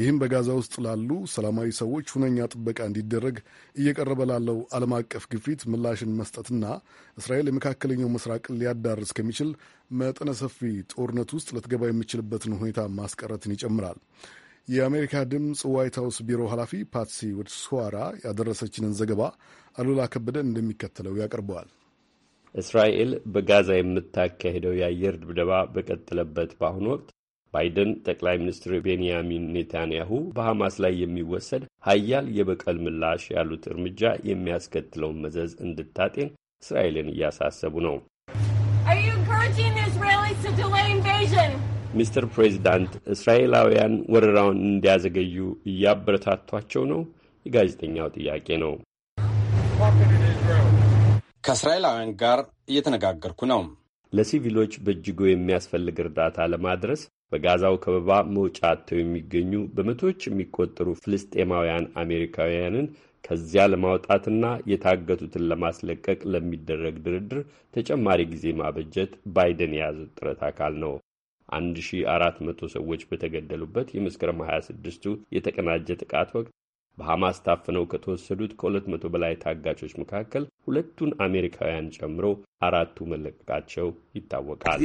Speaker 1: ይህም በጋዛ ውስጥ ላሉ ሰላማዊ ሰዎች ሁነኛ ጥበቃ እንዲደረግ እየቀረበ ላለው ዓለም አቀፍ ግፊት ምላሽን መስጠትና እስራኤል የመካከለኛው ምስራቅ ሊያዳርስ ከሚችል መጠነ ሰፊ ጦርነት ውስጥ ልትገባ የምችልበትን ሁኔታ ማስቀረትን ይጨምራል። የአሜሪካ ድምፅ ዋይት ሀውስ ቢሮ ኃላፊ ፓትሲ ወድስዋራ ያደረሰችንን ዘገባ አሉላ ከበደ እንደሚከተለው ያቀርበዋል።
Speaker 12: እስራኤል በጋዛ የምታካሄደው የአየር ድብደባ በቀጠለበት በአሁኑ ወቅት ባይደን ጠቅላይ ሚኒስትር ቤንያሚን ኔታንያሁ በሐማስ ላይ የሚወሰድ ሀያል የበቀል ምላሽ ያሉት እርምጃ የሚያስከትለውን መዘዝ እንድታጤን እስራኤልን እያሳሰቡ ነው። ሚስተር ፕሬዚዳንት እስራኤላውያን ወረራውን እንዲያዘገዩ እያበረታቷቸው ነው? የጋዜጠኛው ጥያቄ ነው። ከእስራኤላውያን ጋር እየተነጋገርኩ ነው። ለሲቪሎች በእጅጉ የሚያስፈልግ እርዳታ ለማድረስ በጋዛው ከበባ መውጫ አጥተው የሚገኙ በመቶዎች የሚቆጠሩ ፍልስጤማውያን አሜሪካውያንን ከዚያ ለማውጣትና የታገቱትን ለማስለቀቅ ለሚደረግ ድርድር ተጨማሪ ጊዜ ማበጀት ባይደን የያዙት ጥረት አካል ነው። 1400 ሰዎች በተገደሉበት የመስከረም 26ቱ የተቀናጀ ጥቃት ወቅት በሐማስ ታፍነው ከተወሰዱት ከ200 በላይ ታጋቾች መካከል ሁለቱን አሜሪካውያን ጨምሮ አራቱ መለቀቃቸው ይታወቃል።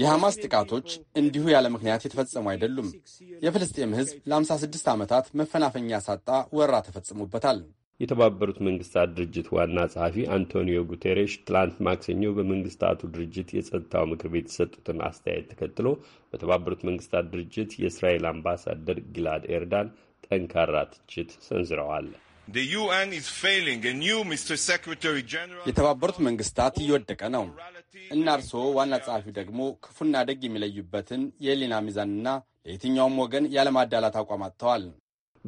Speaker 13: የሐማስ ጥቃቶች እንዲሁ ያለ ምክንያት የተፈጸሙ አይደሉም። የፍልስጤም ሕዝብ ለ56 ዓመታት መፈናፈኛ ሳጣ ወራ ተፈጽሞበታል።
Speaker 12: የተባበሩት መንግስታት ድርጅት ዋና ጸሐፊ አንቶኒዮ ጉቴሬሽ ትላንት ማክሰኞ በመንግስታቱ ድርጅት የጸጥታው ምክር ቤት የሰጡትን አስተያየት ተከትሎ በተባበሩት መንግስታት ድርጅት የእስራኤል አምባሳደር ጊላድ ኤርዳን ጠንካራ ትችት ሰንዝረዋል። የተባበሩት መንግስታት እየወደቀ ነው
Speaker 13: እና እርስዎ ዋና ጸሐፊው ደግሞ ክፉና ደግ የሚለዩበትን የህሊና ሚዛንና ለየትኛውም ወገን ያለማዳላት አቋም አጥተዋል።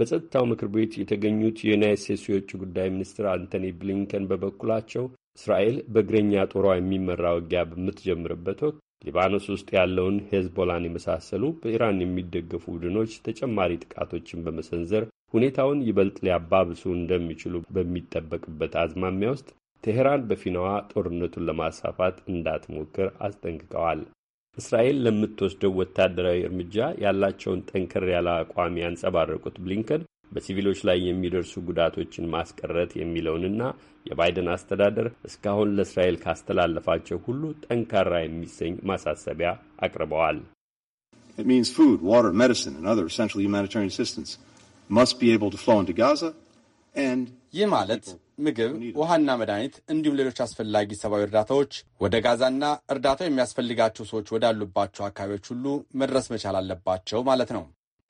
Speaker 12: በጸጥታው ምክር ቤት የተገኙት የዩናይት ስቴትስ የውጭ ጉዳይ ሚኒስትር አንቶኒ ብሊንከን በበኩላቸው እስራኤል በእግረኛ ጦሯ የሚመራ ውጊያ በምትጀምርበት ወቅት ሊባኖስ ውስጥ ያለውን ሄዝቦላን የመሳሰሉ በኢራን የሚደገፉ ቡድኖች ተጨማሪ ጥቃቶችን በመሰንዘር ሁኔታውን ይበልጥ ሊያባብሱ እንደሚችሉ በሚጠበቅበት አዝማሚያ ውስጥ ቴሄራን በፊናዋ ጦርነቱን ለማስፋፋት እንዳትሞክር አስጠንቅቀዋል። እስራኤል ለምትወስደው ወታደራዊ እርምጃ ያላቸውን ጠንከር ያለ አቋም ያንጸባረቁት ብሊንከን በሲቪሎች ላይ የሚደርሱ ጉዳቶችን ማስቀረት የሚለውንና የባይደን አስተዳደር እስካሁን ለእስራኤል ካስተላለፋቸው ሁሉ ጠንካራ የሚሰኝ ማሳሰቢያ አቅርበዋል።
Speaker 13: ይህ ማለት ምግብ፣ ውሃና መድኃኒት እንዲሁም ሌሎች አስፈላጊ ሰብአዊ እርዳታዎች ወደ ጋዛና እርዳታው የሚያስፈልጋቸው ሰዎች ወዳሉባቸው አካባቢዎች ሁሉ መድረስ መቻል አለባቸው ማለት ነው።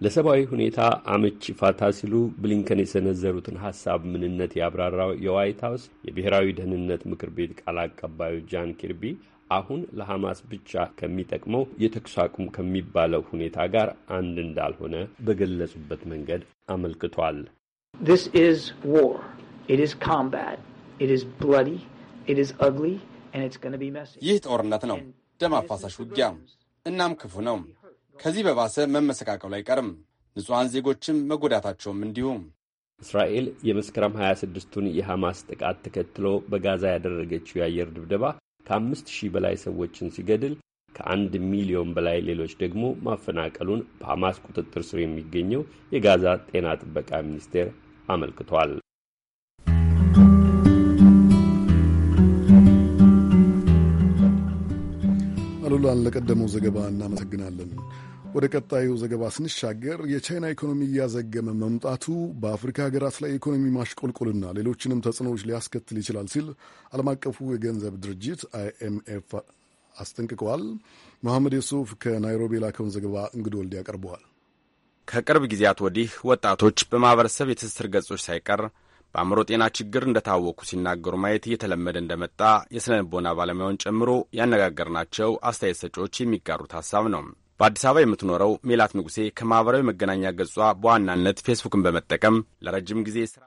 Speaker 12: ለሰብአዊ ሁኔታ አመቺ ፋታ ሲሉ ብሊንከን የሰነዘሩትን ሀሳብ ምንነት ያብራራው የዋይት ሀውስ የብሔራዊ ደህንነት ምክር ቤት ቃል አቀባዩ ጃን ኪርቢ አሁን ለሐማስ ብቻ ከሚጠቅመው የተኩስ አቁም ከሚባለው ሁኔታ ጋር አንድ እንዳልሆነ በገለጹበት መንገድ አመልክቷል።
Speaker 3: This is war.
Speaker 5: ይህ ጦርነት ነው፣ ደም
Speaker 13: አፋሳሽ ውጊያ። እናም ክፉ ነው። ከዚህ በባሰ መመሰቃቀሉ አይቀርም። ንጹሐን ዜጎችም መጎዳታቸውም እንዲሁም።
Speaker 12: እስራኤል የመስከረም 26ቱን የሐማስ ጥቃት ተከትሎ በጋዛ ያደረገችው የአየር ድብደባ ከአምስት ሺህ በላይ ሰዎችን ሲገድል ከአንድ ሚሊዮን በላይ ሌሎች ደግሞ ማፈናቀሉን በሐማስ ቁጥጥር ስር የሚገኘው የጋዛ ጤና ጥበቃ ሚኒስቴር አመልክቷል።
Speaker 1: አሉላን ለቀደመው ዘገባ እናመሰግናለን። ወደ ቀጣዩ ዘገባ ስንሻገር የቻይና ኢኮኖሚ እያዘገመ መምጣቱ በአፍሪካ ሀገራት ላይ የኢኮኖሚ ማሽቆልቆልና ሌሎችንም ተጽዕኖዎች ሊያስከትል ይችላል ሲል ዓለም አቀፉ የገንዘብ ድርጅት አይኤምኤፍ አስጠንቅቀዋል። መሐመድ የሱፍ ከናይሮቢ የላከውን ዘገባ እንግዶ ወልድ ያቀርበዋል።
Speaker 13: ከቅርብ ጊዜያት ወዲህ ወጣቶች በማህበረሰብ የትስስር ገጾች ሳይቀር በአእምሮ ጤና ችግር እንደታወቁ ሲናገሩ ማየት እየተለመደ እንደመጣ የሥነ ልቦና ባለሙያውን ጨምሮ ያነጋገርናቸው አስተያየት ሰጪዎች የሚጋሩት ሐሳብ ነው። በአዲስ አበባ የምትኖረው ሜላት ንጉሴ ከማኅበራዊ መገናኛ ገጿ በዋናነት ፌስቡክን በመጠቀም ለረጅም ጊዜ ስራ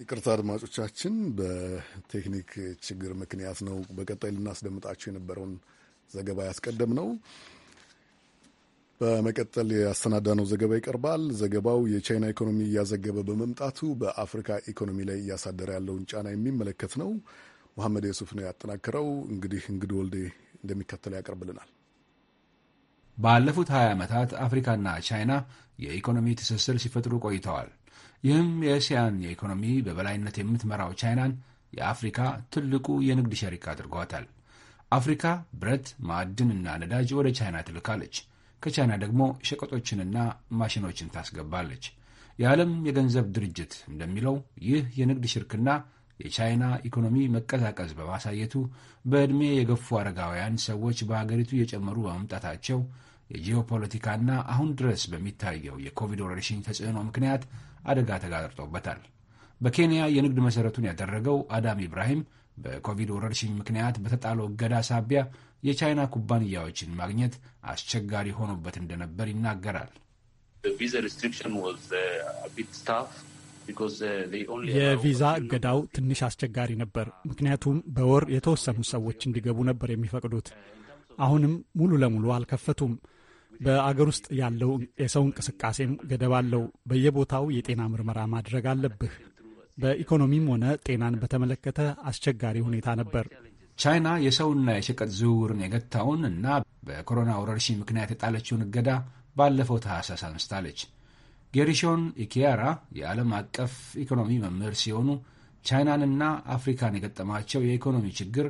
Speaker 1: ይቅርታ አድማጮቻችን፣ በቴክኒክ ችግር ምክንያት ነው በቀጣይ ልናስደምጣቸው የነበረውን ዘገባ ያስቀደም ነው። በመቀጠል ያሰናዳነው ዘገባ ይቀርባል። ዘገባው የቻይና ኢኮኖሚ እያዘገበ በመምጣቱ በአፍሪካ ኢኮኖሚ ላይ እያሳደረ ያለውን ጫና የሚመለከት ነው። መሐመድ የሱፍ ነው ያጠናከረው። እንግዲህ እንግድ ወልዴ እንደሚከተል ያቀርብልናል።
Speaker 4: ባለፉት 20 ዓመታት አፍሪካና ቻይና የኢኮኖሚ ትስስር ሲፈጥሩ ቆይተዋል። ይህም የእስያን የኢኮኖሚ በበላይነት የምትመራው ቻይናን የአፍሪካ ትልቁ የንግድ ሸሪክ አድርጓታል። አፍሪካ ብረት፣ ማዕድን እና ነዳጅ ወደ ቻይና ትልካለች። ከቻይና ደግሞ ሸቀጦችንና ማሽኖችን ታስገባለች። የዓለም የገንዘብ ድርጅት እንደሚለው ይህ የንግድ ሽርክና የቻይና ኢኮኖሚ መቀዛቀዝ በማሳየቱ በዕድሜ የገፉ አረጋውያን ሰዎች በአገሪቱ እየጨመሩ በመምጣታቸው የጂኦፖለቲካና አሁን ድረስ በሚታየው የኮቪድ ወረርሽኝ ተጽዕኖ ምክንያት አደጋ ተጋርጦበታል። በኬንያ የንግድ መሠረቱን ያደረገው አዳም ኢብራሂም በኮቪድ ወረርሽኝ ምክንያት በተጣለው እገዳ ሳቢያ የቻይና ኩባንያዎችን ማግኘት አስቸጋሪ ሆኖበት እንደነበር ይናገራል።
Speaker 12: uh, uh, የቪዛ
Speaker 7: እገዳው ትንሽ አስቸጋሪ ነበር፣ ምክንያቱም በወር የተወሰኑ ሰዎች እንዲገቡ ነበር የሚፈቅዱት። አሁንም ሙሉ ለሙሉ አልከፈቱም። በአገር ውስጥ ያለው የሰው እንቅስቃሴም ገደብ አለው። በየቦታው የጤና ምርመራ ማድረግ አለብህ። በኢኮኖሚም ሆነ ጤናን በተመለከተ አስቸጋሪ ሁኔታ ነበር።
Speaker 4: ቻይና የሰውና የሸቀጥ ዝውውርን የገታውን እና በኮሮና ወረርሽኝ ምክንያት የጣለችውን እገዳ ባለፈው ታህሳስ አንስታለች። ጌሪሾን ኢኪያራ የዓለም አቀፍ ኢኮኖሚ መምህር ሲሆኑ ቻይናንና አፍሪካን የገጠማቸው የኢኮኖሚ ችግር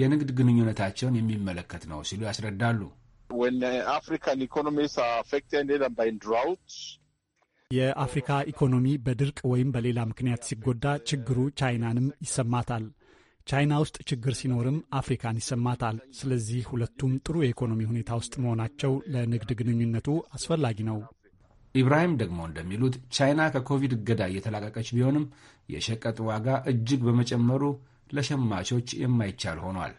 Speaker 4: የንግድ ግንኙነታቸውን የሚመለከት ነው ሲሉ ያስረዳሉ።
Speaker 3: uh,
Speaker 7: የአፍሪካ ኢኮኖሚ በድርቅ ወይም በሌላ ምክንያት ሲጎዳ ችግሩ ቻይናንም ይሰማታል። ቻይና ውስጥ ችግር ሲኖርም አፍሪካን ይሰማታል። ስለዚህ ሁለቱም ጥሩ የኢኮኖሚ ሁኔታ ውስጥ መሆናቸው ለንግድ ግንኙነቱ አስፈላጊ ነው። ኢብራሂም
Speaker 4: ደግሞ እንደሚሉት ቻይና ከኮቪድ እገዳ እየተላቀቀች ቢሆንም የሸቀጥ ዋጋ እጅግ
Speaker 12: በመጨመሩ
Speaker 7: ለሸማቾች የማይቻል ሆኗል።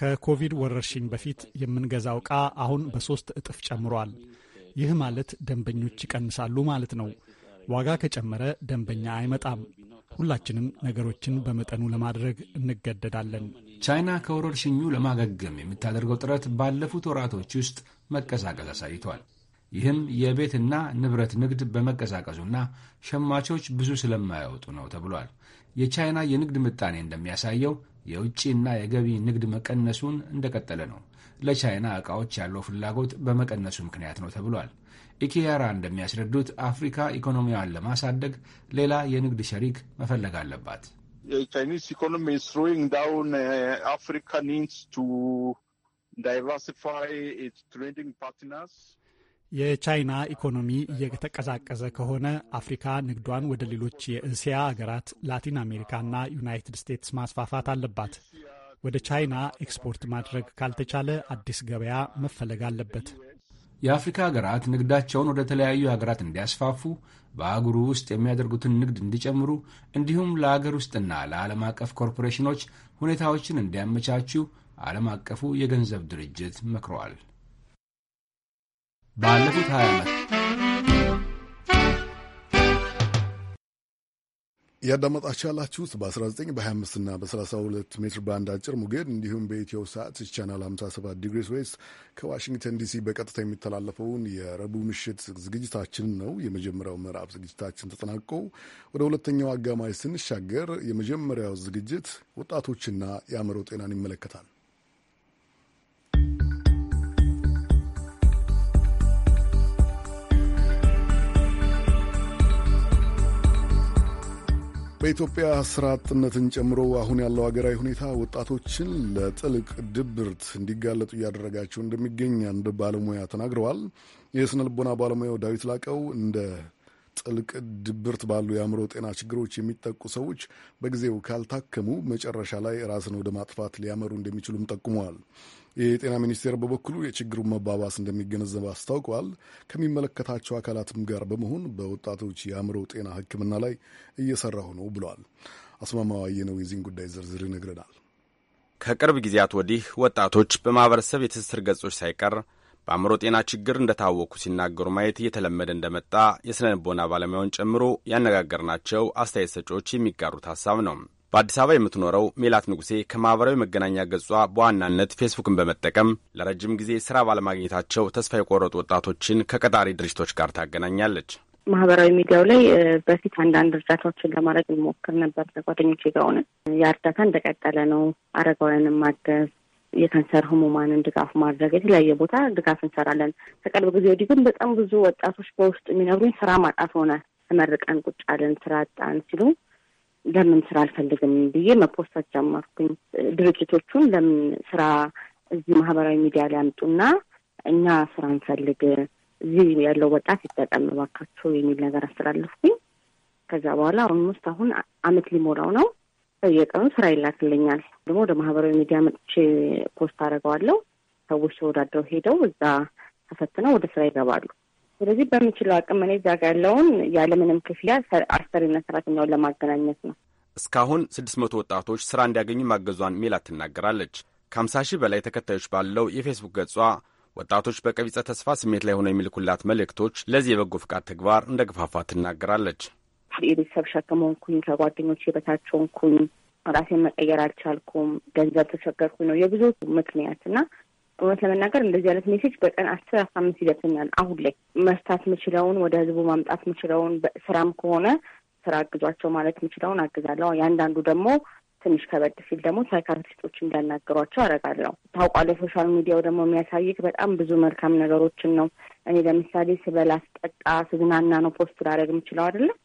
Speaker 7: ከኮቪድ ወረርሽኝ በፊት የምንገዛው ዕቃ አሁን በሶስት እጥፍ ጨምሯል። ይህ ማለት ደንበኞች ይቀንሳሉ ማለት ነው። ዋጋ ከጨመረ ደንበኛ አይመጣም። ሁላችንም ነገሮችን በመጠኑ ለማድረግ እንገደዳለን።
Speaker 4: ቻይና ከወረርሽኙ ለማገገም የምታደርገው ጥረት ባለፉት ወራቶች ውስጥ መቀሳቀስ አሳይቷል። ይህም የቤትና ንብረት ንግድ በመቀሳቀሱና ሸማቾች ብዙ ስለማያወጡ ነው ተብሏል። የቻይና የንግድ ምጣኔ እንደሚያሳየው የውጭና የገቢ ንግድ መቀነሱን እንደቀጠለ ነው። ለቻይና ዕቃዎች ያለው ፍላጎት በመቀነሱ ምክንያት ነው ተብሏል። ኢኪያራ እንደሚያስረዱት አፍሪካ ኢኮኖሚዋን ለማሳደግ ሌላ የንግድ ሸሪክ መፈለግ አለባት።
Speaker 1: ኢኮኖሚ ዳውን አፍሪካ
Speaker 7: የቻይና ኢኮኖሚ እየተቀዛቀዘ ከሆነ አፍሪካ ንግዷን ወደ ሌሎች የእስያ ሀገራት፣ ላቲን አሜሪካና ዩናይትድ ስቴትስ ማስፋፋት አለባት። ወደ ቻይና ኤክስፖርት ማድረግ ካልተቻለ አዲስ ገበያ መፈለግ አለበት።
Speaker 4: የአፍሪካ ሀገራት ንግዳቸውን ወደ ተለያዩ ሀገራት እንዲያስፋፉ በአህጉሩ ውስጥ የሚያደርጉትን ንግድ እንዲጨምሩ እንዲሁም ለአገር ውስጥና ለዓለም አቀፍ ኮርፖሬሽኖች ሁኔታዎችን እንዲያመቻቹ ዓለም አቀፉ የገንዘብ ድርጅት መክረዋል።
Speaker 1: ባለፉት 20 ዓመት እያዳመጣችሁ ያላችሁት በ19 በ25 እና በ32 ሜትር ባንድ አጭር ሞገድ እንዲሁም በኢትዮ ሰዓት ቻናል 57 ዲግሪስ ዌስት ከዋሽንግተን ዲሲ በቀጥታ የሚተላለፈውን የረቡዕ ምሽት ዝግጅታችን ነው። የመጀመሪያው ምዕራፍ ዝግጅታችን ተጠናቆ ወደ ሁለተኛው አጋማሽ ስንሻገር የመጀመሪያው ዝግጅት ወጣቶችና የአእምሮ ጤናን ይመለከታል። በኢትዮጵያ ስራ አጥነትን ጨምሮ አሁን ያለው ሀገራዊ ሁኔታ ወጣቶችን ለጥልቅ ድብርት እንዲጋለጡ እያደረጋቸው እንደሚገኝ አንድ ባለሙያ ተናግረዋል። የስነ ልቦና ባለሙያው ዳዊት ላቀው እንደ ጥልቅ ድብርት ባሉ የአእምሮ ጤና ችግሮች የሚጠቁ ሰዎች በጊዜው ካልታከሙ መጨረሻ ላይ ራስን ወደ ማጥፋት ሊያመሩ እንደሚችሉም ጠቁመዋል። የጤና ሚኒስቴር በበኩሉ የችግሩን መባባስ እንደሚገነዘብ አስታውቋል። ከሚመለከታቸው አካላትም ጋር በመሆን በወጣቶች የአእምሮ ጤና ሕክምና ላይ እየሰራሁ ነው ብለዋል። አስማማው አየነው የዚህን ጉዳይ ዝርዝር ይነግረናል።
Speaker 13: ከቅርብ ጊዜያት ወዲህ ወጣቶች በማህበረሰብ የትስስር ገጾች ሳይቀር በአእምሮ ጤና ችግር እንደታወቁ ሲናገሩ ማየት እየተለመደ እንደመጣ የስነ ልቦና ባለሙያውን ጨምሮ ያነጋገርናቸው አስተያየት ሰጪዎች የሚጋሩት ሀሳብ ነው። በአዲስ አበባ የምትኖረው ሜላት ንጉሴ ከማኅበራዊ መገናኛ ገጿ በዋናነት ፌስቡክን በመጠቀም ለረጅም ጊዜ ሥራ ባለማግኘታቸው ተስፋ የቆረጡ ወጣቶችን ከቀጣሪ ድርጅቶች ጋር ታገናኛለች።
Speaker 14: ማህበራዊ ሚዲያው ላይ በፊት አንዳንድ እርዳታዎችን ለማድረግ እንሞክር ነበር ከጓደኞቼ ጋር የእርዳታ እንደቀጠለ ነው። አረጋውያንን ማገዝ፣ የካንሰር ህሙማንን ድጋፍ ማድረግ፣ የተለያየ ቦታ ድጋፍ እንሰራለን። ከቅርብ ጊዜ ወዲህ ግን በጣም ብዙ ወጣቶች በውስጥ የሚነግሩኝ ስራ ማጣት ሆነ፣ ተመርቀን ቁጭ አልን ስራ አጣን ሲሉ ለምን ስራ አልፈልግም ብዬ መፖስት ጀመርኩኝ። ድርጅቶቹን ለምን ስራ እዚህ ማህበራዊ ሚዲያ ላይ አምጡና እኛ ስራ እንፈልግ፣ እዚህ ያለው ወጣት ይጠቀም እባካቸው የሚል ነገር አስተላለፍኩኝ። ከዛ በኋላ ኦልሞስት አሁን አመት ሊሞላው ነው። በየቀኑ ስራ ይላክልኛል። ደግሞ ወደ ማህበራዊ ሚዲያ መጥቼ ፖስት አደርገዋለሁ። ሰዎች ተወዳድረው ሄደው እዛ ተፈትነው ወደ ስራ ይገባሉ። ስለዚህ በምችለው አቅም እኔ እዛ ያለውን ያለምንም ክፍያ አሰሪና ሰራተኛውን ለማገናኘት ነው።
Speaker 13: እስካሁን ስድስት መቶ ወጣቶች ስራ እንዲያገኙ ማገዟን ሜላ ትናገራለች። ከሀምሳ ሺህ በላይ ተከታዮች ባለው የፌስቡክ ገጿ ወጣቶች በቀቢጸ ተስፋ ስሜት ላይ ሆነው የሚልኩላት መልእክቶች ለዚህ የበጎ ፍቃድ ተግባር እንደ ግፋፋ ትናገራለች።
Speaker 14: የቤተሰብ ሸክም ሆንኩኝ፣ ከጓደኞች የበታች ሆንኩኝ፣ ራሴን መቀየር አልቻልኩም፣ ገንዘብ ተቸገርኩኝ ነው የብዙ ምክንያት እና እውነት ለመናገር እንደዚህ አይነት ሜሴጅ በቀን አስር አስራ አምስት ይደርሰኛል። አሁን ላይ መፍታት የምችለውን ወደ ህዝቡ ማምጣት የምችለውን ስራም ከሆነ ስራ አግዟቸው ማለት የምችለውን አግዛለሁ። ያንዳንዱ ደግሞ ትንሽ ከበድ ሲል ደግሞ ሳይካርቲስቶች እንዲያናገሯቸው አደርጋለሁ። ታውቋለህ፣ ሶሻል ሚዲያው ደግሞ የሚያሳይክ በጣም ብዙ መልካም ነገሮችን ነው። እኔ ለምሳሌ ስበላ፣ ስጠጣ፣ ስዝናና ነው ፖስት ላደርግ የምችለው አይደለም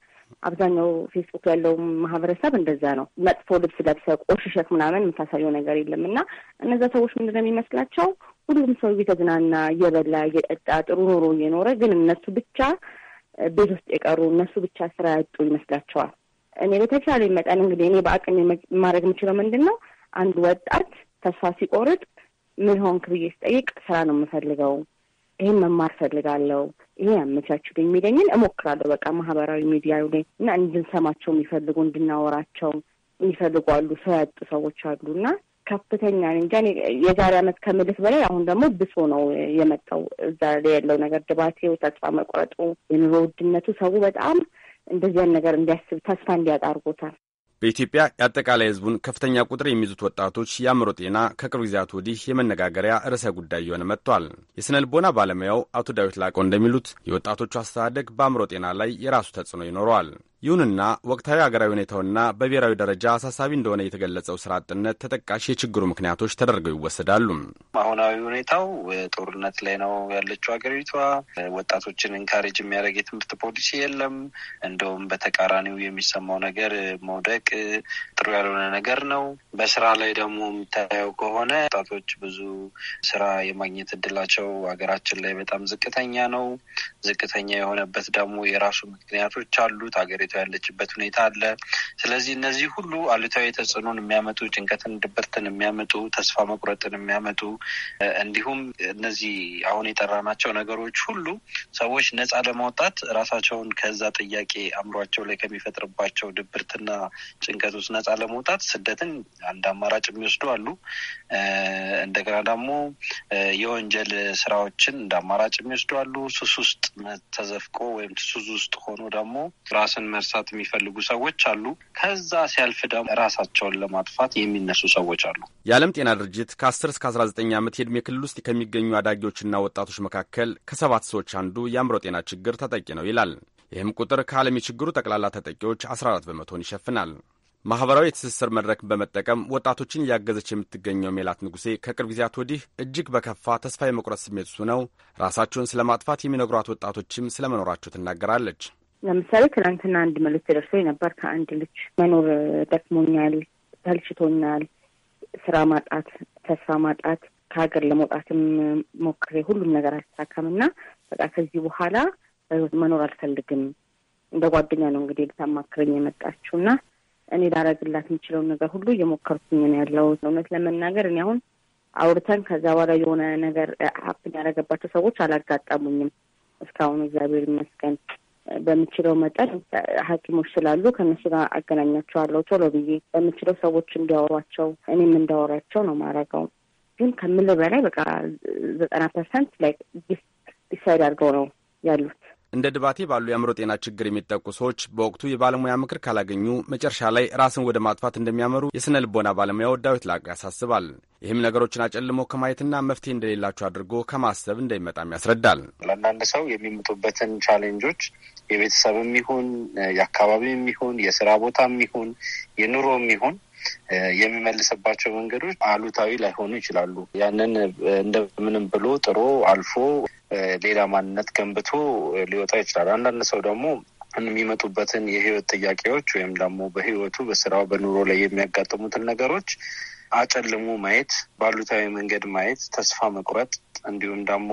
Speaker 14: አብዛኛው ፌስቡክ ያለው ማህበረሰብ እንደዛ ነው። መጥፎ ልብስ ለብሰ ቆሽሸት ምናምን የምታሳየው ነገር የለም እና እነዛ ሰዎች ምንድነው የሚመስላቸው ሁሉም ሰው እየተዝናና እየበላ እየጠጣ ጥሩ ኑሮ እየኖረ ግን እነሱ ብቻ ቤት ውስጥ የቀሩ እነሱ ብቻ ስራ ያጡ ይመስላቸዋል። እኔ በተቻለ መጠን እንግዲህ እኔ በአቅም ማድረግ የምችለው ምንድን ነው አንድ ወጣት ተስፋ ሲቆርጥ ምን ሆንክ ብዬ ስጠይቅ ስራ ነው የምፈልገው፣ ይህን መማር ፈልጋለው፣ ይሄ ያመቻችሁ የሚለኝን እሞክራለሁ። በቃ ማህበራዊ ሚዲያ ላይ እና እንድንሰማቸው የሚፈልጉ እንድናወራቸው የሚፈልጉ አሉ። ሰው ያጡ ሰዎች አሉ እና ከፍተኛ እንጃ የዛሬ አመት ከምልህ በላይ አሁን ደግሞ ብሶ ነው የመጣው። እዛ ላይ ያለው ነገር ድባቴው፣ ተስፋ መቁረጡ፣ የኑሮ ውድነቱ ሰው በጣም እንደዚያን ነገር እንዲያስብ ተስፋ እንዲያጣ አድርጎታል።
Speaker 13: በኢትዮጵያ የአጠቃላይ ህዝቡን ከፍተኛ ቁጥር የሚይዙት ወጣቶች የአእምሮ ጤና ከቅርብ ጊዜያት ወዲህ የመነጋገሪያ ርዕሰ ጉዳይ እየሆነ መጥቷል። የሥነ ልቦና ባለሙያው አቶ ዳዊት ላቀው እንደሚሉት የወጣቶቹ አስተዳደግ በአእምሮ ጤና ላይ የራሱ ተጽዕኖ ይኖረዋል። ይሁንና ወቅታዊ አገራዊ ሁኔታውና በብሔራዊ ደረጃ አሳሳቢ እንደሆነ የተገለጸው ስራ አጥነት ተጠቃሽ የችግሩ ምክንያቶች ተደርገው ይወሰዳሉ።
Speaker 6: አሁናዊ ሁኔታው ጦርነት ላይ ነው ያለችው ሀገሪቷ። ወጣቶችን እንካሬጅ የሚያደርግ የትምህርት ፖሊሲ የለም። እንደውም በተቃራኒው የሚሰማው ነገር መውደቅ ጥሩ ያልሆነ ነገር ነው። በስራ ላይ ደግሞ የሚታየው ከሆነ ወጣቶች ብዙ ስራ የማግኘት እድላቸው ሀገራችን ላይ በጣም ዝቅተኛ ነው። ዝቅተኛ የሆነበት ደግሞ የራሱ ምክንያቶች አሉት። ሀገሪቷ ያለችበት ሁኔታ አለ። ስለዚህ እነዚህ ሁሉ አሉታዊ ተጽዕኖን የሚያመጡ ጭንቀትን፣ ድብርትን የሚያመጡ ተስፋ መቁረጥን የሚያመጡ እንዲሁም እነዚህ አሁን የጠራናቸው ነገሮች ሁሉ ሰዎች ነጻ ለማውጣት ራሳቸውን ከዛ ጥያቄ አእምሯቸው ላይ ከሚፈጥርባቸው ድብርትና ጭንቀት ውስጥ ነጻ ለመውጣት ስደትን አንድ አማራጭ የሚወስዱ አሉ። እንደገና ደግሞ የወንጀል ስራዎችን እንደ አማራጭ የሚወስዱ አሉ። ሱስ ውስጥ ተዘፍቆ ወይም ሱስ ውስጥ ሆኖ ደግሞ ራስን መርሳት የሚፈልጉ ሰዎች አሉ። ከዛ ሲያልፍ ደግሞ ራሳቸውን ለማጥፋት የሚነሱ ሰዎች አሉ።
Speaker 13: የዓለም ጤና ድርጅት ከ ከ10 እስከ 19 ዓመት የዕድሜ ክልል ውስጥ ከሚገኙ አዳጊዎችና ወጣቶች መካከል ከሰባት ሰዎች አንዱ የአእምሮ ጤና ችግር ተጠቂ ነው ይላል። ይህም ቁጥር ከዓለም የችግሩ ጠቅላላ ተጠቂዎች 14 በመቶን ይሸፍናል። ማህበራዊ የትስስር መድረክ በመጠቀም ወጣቶችን እያገዘች የምትገኘው ሜላት ንጉሴ ከቅርብ ጊዜያት ወዲህ እጅግ በከፋ ተስፋ የመቁረጥ ስሜት ሱ ነው ራሳቸውን ስለ ማጥፋት የሚነግሯት ወጣቶችም ስለመኖራቸው ትናገራለች።
Speaker 14: ለምሳሌ ትናንትና አንድ መልዕክት ደርሶኝ ነበር። ከአንድ ልጅ መኖር ደክሞኛል፣ ተልችቶኛል፣ ስራ ማጣት፣ ተስፋ ማጣት፣ ከሀገር ለመውጣትም ሞክሬ ሁሉም ነገር አልተሳካም እና በቃ ከዚህ በኋላ በህይወት መኖር አልፈልግም። እንደ ጓደኛ ነው እንግዲህ ልታማክረኝ የመጣችው እና እኔ ላረግላት የምችለውን ነገር ሁሉ እየሞከርኩኝ ነው ያለው። እውነት ለመናገር እኔ አሁን አውርተን ከዛ በኋላ የሆነ ነገር ሀብትን ያደረገባቸው ሰዎች አላጋጠሙኝም እስካሁን እግዚአብሔር ይመስገን። በምችለው መጠን ሐኪሞች ስላሉ ከነሱ ጋር አገናኛቸዋለሁ ቶሎ ብዬ በምችለው ሰዎች እንዲያወሯቸው እኔም እንዳወሯቸው ነው ማድረገው። ግን ከምልህ በላይ በቃ ዘጠና ፐርሰንት ላይ ዲሳይድ አድርገው ነው ያሉት
Speaker 13: እንደ ድባቴ ባሉ የአእምሮ ጤና ችግር የሚጠቁ ሰዎች በወቅቱ የባለሙያ ምክር ካላገኙ መጨረሻ ላይ ራስን ወደ ማጥፋት እንደሚያመሩ የሥነ ልቦና ባለሙያው ዳዊት ላቅ ያሳስባል። ይህም ነገሮችን አጨልሞ ከማየትና መፍትሄ እንደሌላቸው አድርጎ ከማሰብ እንዳይመጣም ያስረዳል።
Speaker 6: ለአንዳንድ ሰው የሚመጡበትን ቻሌንጆች የቤተሰብም ይሁን የአካባቢም ይሁን የስራ ቦታም ይሁን የኑሮም ይሁን የሚመልስባቸው መንገዶች አሉታዊ ላይሆኑ ይችላሉ። ያንን እንደምንም ብሎ ጥሮ አልፎ ሌላ ማንነት ገንብቶ ሊወጣ ይችላል። አንዳንድ ሰው ደግሞ የሚመጡበትን የህይወት ጥያቄዎች ወይም ደግሞ በህይወቱ በስራው በኑሮ ላይ የሚያጋጥሙትን ነገሮች አጨልሙ ማየት፣ ባሉታዊ መንገድ ማየት፣ ተስፋ መቁረጥ እንዲሁም ደግሞ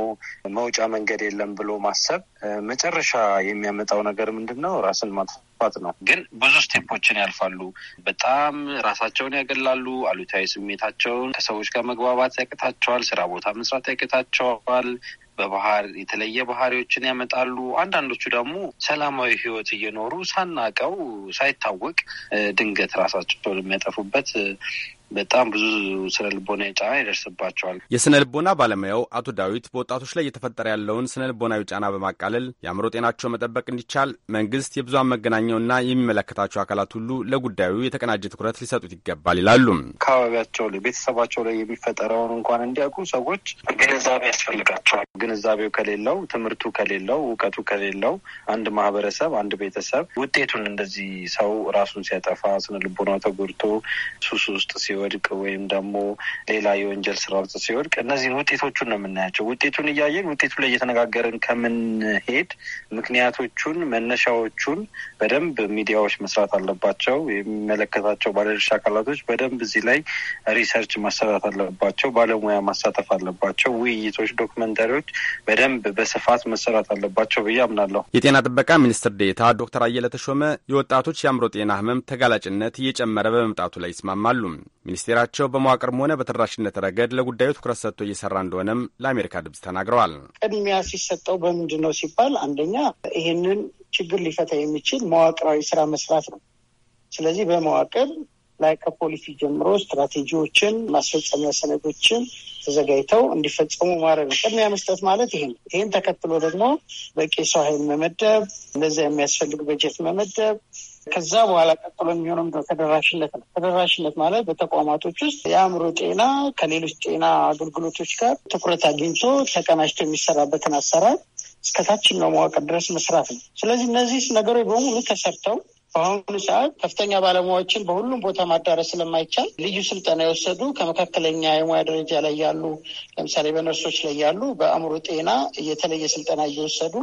Speaker 6: መውጫ መንገድ የለም ብሎ ማሰብ መጨረሻ የሚያመጣው ነገር ምንድን ነው? ራስን ማጥፋት ማጥፋት ነው። ግን ብዙ ስቴፖችን ያልፋሉ። በጣም ራሳቸውን ያገላሉ። አሉታዊ ስሜታቸውን ከሰዎች ጋር መግባባት ያቅታቸዋል። ስራ ቦታ መስራት ያቅታቸዋል። በባህር የተለየ ባህሪዎችን ያመጣሉ። አንዳንዶቹ ደግሞ ሰላማዊ ህይወት እየኖሩ ሳናቀው ሳይታወቅ ድንገት ራሳቸውን የሚያጠፉበት በጣም ብዙ ስነ ልቦና ጫና ይደርስባቸዋል።
Speaker 13: የስነ ልቦና ባለሙያው አቶ ዳዊት በወጣቶች ላይ እየተፈጠረ ያለውን ስነ ልቦናዊ ጫና በማቃለል የአእምሮ ጤናቸው መጠበቅ እንዲቻል መንግስት፣ የብዙሃን መገናኛውና የሚመለከታቸው አካላት ሁሉ ለጉዳዩ የተቀናጀ ትኩረት ሊሰጡት ይገባል ይላሉ።
Speaker 6: አካባቢያቸው ላይ ቤተሰባቸው ላይ የሚፈጠረውን እንኳን እንዲያውቁ ሰዎች ግንዛቤ ያስፈልጋቸዋል። ግንዛቤው ከሌለው፣ ትምህርቱ ከሌለው፣ እውቀቱ ከሌለው አንድ ማህበረሰብ አንድ ቤተሰብ ውጤቱን እንደዚህ ሰው ራሱን ሲያጠፋ ስነ ልቦናው ተጎድቶ ሱስ ውስጥ ሲ ሲወድቅ ወይም ደግሞ ሌላ የወንጀል ስራ ውስጥ ሲወድቅ እነዚህን ውጤቶቹን ነው የምናያቸው። ውጤቱን እያየን ውጤቱ ላይ እየተነጋገርን ከምንሄድ ምክንያቶቹን፣ መነሻዎቹን በደንብ ሚዲያዎች መስራት አለባቸው። የሚመለከታቸው ባለድርሻ አካላቶች በደንብ እዚህ ላይ ሪሰርች ማሰራት አለባቸው። ባለሙያ ማሳተፍ አለባቸው። ውይይቶች፣ ዶክመንተሪዎች በደንብ በስፋት መሰራት አለባቸው ብዬ አምናለሁ።
Speaker 13: የጤና ጥበቃ ሚኒስትር ዴታ ዶክተር አየለ ተሾመ የወጣቶች የአእምሮ ጤና ህመም ተጋላጭነት እየጨመረ በመምጣቱ ላይ ይስማማሉ። ሚኒስቴራቸው በመዋቅርም ሆነ በተደራሽነት ረገድ ለጉዳዩ ትኩረት ሰጥቶ እየሰራ እንደሆነም ለአሜሪካ ድምፅ ተናግረዋል።
Speaker 15: ቅድሚያ ሲሰጠው በምንድን ነው ሲባል አንደኛ ይህንን ችግር ሊፈታ የሚችል መዋቅራዊ ስራ መስራት ነው። ስለዚህ በመዋቅር ላይ ከፖሊሲ ጀምሮ ስትራቴጂዎችን፣ ማስፈጸሚያ ሰነዶችን ተዘጋጅተው እንዲፈጸሙ ማድረግ ነው። ቅድሚያ መስጠት ማለት ይሄ ነው። ይህን ተከትሎ ደግሞ በቂ ሰው ኃይል መመደብ፣ እንደዚያ የሚያስፈልግ በጀት መመደብ ከዛ በኋላ ቀጥሎ የሚሆነው ተደራሽነት ነው። ተደራሽነት ማለት በተቋማቶች ውስጥ የአእምሮ ጤና ከሌሎች ጤና አገልግሎቶች ጋር ትኩረት አግኝቶ ተቀናጅቶ የሚሰራበትን አሰራር እስከታችኛው መዋቅር ድረስ መስራት ነው። ስለዚህ እነዚህ ነገሮች በሙሉ ተሰርተው በአሁኑ ሰዓት ከፍተኛ ባለሙያዎችን በሁሉም ቦታ ማዳረስ ስለማይቻል ልዩ ስልጠና የወሰዱ ከመካከለኛ የሙያ ደረጃ ላይ ያሉ ለምሳሌ በነርሶች ላይ ያሉ በአእምሮ ጤና የተለየ ስልጠና እየወሰዱ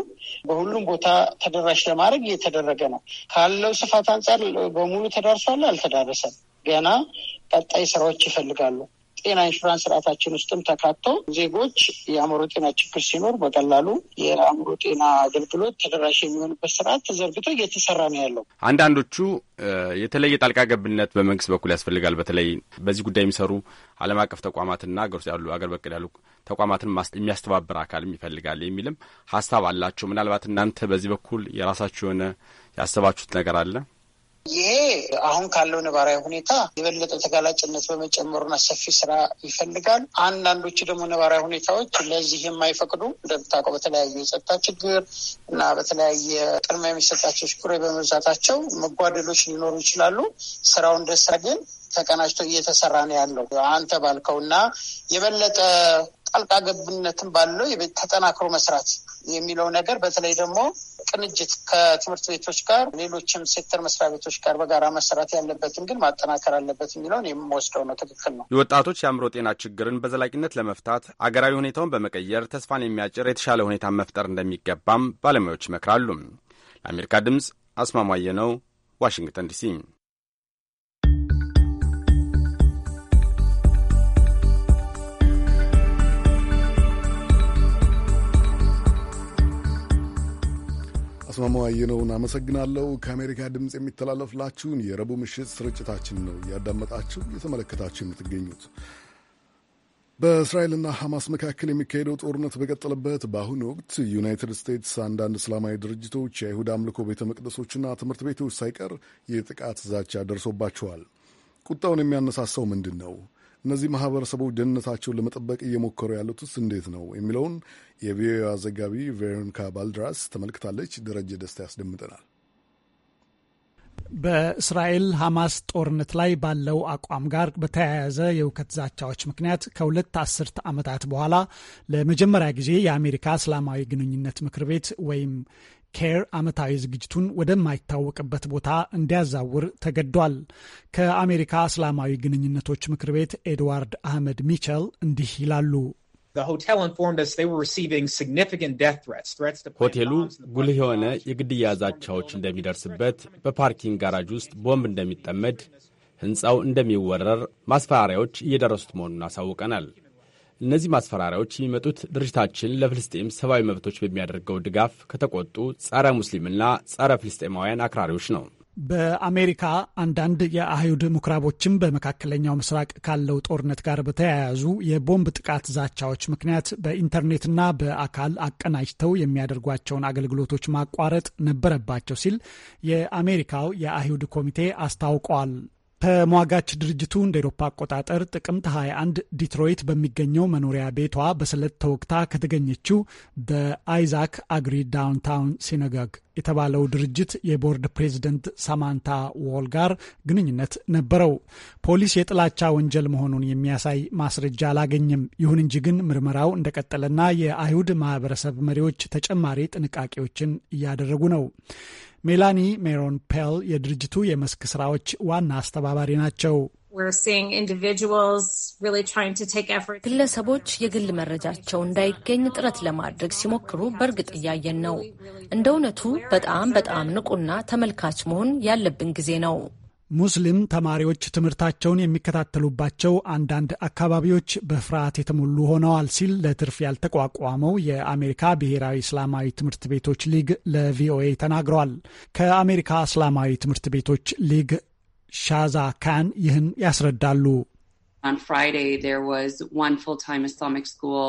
Speaker 15: በሁሉም ቦታ ተደራሽ ለማድረግ እየተደረገ ነው። ካለው ስፋት አንጻር በሙሉ ተዳርሷል? አልተዳረሰም። ገና ቀጣይ ስራዎች ይፈልጋሉ። ጤና ኢንሹራንስ ስርዓታችን ውስጥም ተካተው ዜጎች የአእምሮ ጤና ችግር ሲኖር በቀላሉ የአእምሮ ጤና አገልግሎት ተደራሽ የሚሆንበት ስርዓት ተዘርግቶ እየተሰራ ነው ያለው።
Speaker 13: አንዳንዶቹ የተለየ ጣልቃ ገብነት በመንግስት በኩል ያስፈልጋል። በተለይ በዚህ ጉዳይ የሚሰሩ ዓለም አቀፍ ተቋማትና አገር ውስጥ ያሉ አገር በቀል ያሉ ተቋማትን የሚያስተባብር አካልም ይፈልጋል የሚልም ሀሳብ አላቸው። ምናልባት እናንተ በዚህ በኩል የራሳችሁ የሆነ ያሰባችሁት ነገር አለ?
Speaker 15: ይሄ አሁን ካለው ነባራዊ ሁኔታ የበለጠ ተጋላጭነት በመጨመሩና ሰፊ ስራ ይፈልጋል። አንዳንዶቹ ደግሞ ነባራዊ ሁኔታዎች ለዚህ የማይፈቅዱ እንደምታውቀው በተለያየ የጸጥታ ችግር እና በተለያየ ቅድሚያ የሚሰጣቸው ሽኩሬ በመብዛታቸው መጓደሎች ሊኖሩ ይችላሉ። ስራው እንደ ስራ ግን ተቀናጅቶ እየተሰራ ነው ያለው አንተ ባልከውና የበለጠ ጣልቃ ባለው ተጠናክሮ መስራት የሚለው ነገር በተለይ ደግሞ ቅንጅት ከትምህርት ቤቶች ጋር ሌሎችም ሴክተር መስሪያ ቤቶች ጋር በጋራ መሰራት ያለበትን ግን ማጠናከር አለበት የሚለውን የምወስደው ነው። ትክክል ነው።
Speaker 13: የወጣቶች የአእምሮ ጤና ችግርን በዘላቂነት ለመፍታት አገራዊ ሁኔታውን በመቀየር ተስፋን የሚያጭር የተሻለ ሁኔታ መፍጠር እንደሚገባም ባለሙያዎች ይመክራሉ። ለአሜሪካ ድምፅ አስማማየ ነው፣ ዋሽንግተን ዲሲ።
Speaker 1: አስማማው አየነውን አመሰግናለሁ። ከአሜሪካ ድምፅ የሚተላለፍላችሁን የረቡዕ ምሽት ስርጭታችን ነው እያዳመጣችሁ እየተመለከታችሁ የምትገኙት። በእስራኤልና ሐማስ መካከል የሚካሄደው ጦርነት በቀጠለበት በአሁኑ ወቅት ዩናይትድ ስቴትስ አንዳንድ እስላማዊ ድርጅቶች የአይሁድ አምልኮ ቤተ መቅደሶችና ትምህርት ቤቶች ሳይቀር የጥቃት ዛቻ ደርሶባቸዋል። ቁጣውን የሚያነሳሳው ምንድን ነው? እነዚህ ማህበረሰቦች ደህንነታቸውን ለመጠበቅ እየሞከሩ ያሉትስ እንዴት ነው የሚለውን የቪኦኤ ዘጋቢ ቬሮኒካ ባልድራስ ተመልክታለች። ደረጀ ደስታ ያስደምጠናል።
Speaker 7: በእስራኤል ሐማስ ጦርነት ላይ ባለው አቋም ጋር በተያያዘ የውከት ዛቻዎች ምክንያት ከሁለት አስርት ዓመታት በኋላ ለመጀመሪያ ጊዜ የአሜሪካ እስላማዊ ግንኙነት ምክር ቤት ወይም ኬር ዓመታዊ ዝግጅቱን ወደማይታወቅበት ቦታ እንዲያዛውር ተገዷል። ከአሜሪካ እስላማዊ ግንኙነቶች ምክር ቤት ኤድዋርድ አህመድ ሚቸል እንዲህ ይላሉ።
Speaker 13: ሆቴሉ ጉልህ የሆነ የግድያ ዛቻዎች እንደሚደርስበት፣ በፓርኪንግ ጋራጅ ውስጥ ቦምብ እንደሚጠመድ፣ ሕንፃው እንደሚወረር ማስፈራሪያዎች እየደረሱት መሆኑን አሳውቀናል። እነዚህ ማስፈራሪያዎች የሚመጡት ድርጅታችን ለፍልስጤም ሰብአዊ መብቶች በሚያደርገው ድጋፍ ከተቆጡ ጸረ ሙስሊምና ጸረ ፍልስጤማውያን አክራሪዎች ነው።
Speaker 7: በአሜሪካ አንዳንድ የአይሁድ ምኩራቦችም በመካከለኛው ምስራቅ ካለው ጦርነት ጋር በተያያዙ የቦምብ ጥቃት ዛቻዎች ምክንያት በኢንተርኔትና በአካል አቀናጅተው የሚያደርጓቸውን አገልግሎቶች ማቋረጥ ነበረባቸው ሲል የአሜሪካው የአይሁድ ኮሚቴ አስታውቋል። ተሟጋች ድርጅቱ እንደ ኤሮፓ አቆጣጠር ጥቅምት 21 ዲትሮይት በሚገኘው መኖሪያ ቤቷ በስለት ተወግታ ከተገኘችው በአይዛክ አግሪ ዳውንታውን ሲነጋግ የተባለው ድርጅት የቦርድ ፕሬዚደንት ሳማንታ ዎል ጋር ግንኙነት ነበረው። ፖሊስ የጥላቻ ወንጀል መሆኑን የሚያሳይ ማስረጃ አላገኘም። ይሁን እንጂ ግን ምርመራው እንደቀጠለና የአይሁድ ማህበረሰብ መሪዎች ተጨማሪ ጥንቃቄዎችን እያደረጉ ነው። ሜላኒ ሜሮን ፔል የድርጅቱ የመስክ ስራዎች ዋና አስተባባሪ ናቸው።
Speaker 8: ግለሰቦች የግል መረጃቸው እንዳይገኝ ጥረት ለማድረግ ሲሞክሩ በእርግጥ እያየን ነው። እንደ እውነቱ በጣም በጣም ንቁና ተመልካች መሆን ያለብን ጊዜ ነው።
Speaker 7: ሙስሊም ተማሪዎች ትምህርታቸውን የሚከታተሉባቸው አንዳንድ አካባቢዎች በፍርሃት የተሞሉ ሆነዋል ሲል ለትርፍ ያልተቋቋመው የአሜሪካ ብሔራዊ እስላማዊ ትምህርት ቤቶች ሊግ ለቪኦኤ ተናግረዋል። ከአሜሪካ እስላማዊ ትምህርት ቤቶች ሊግ ሻዛ ካን ይህን ያስረዳሉ።
Speaker 2: On Friday, there was one full-time Islamic school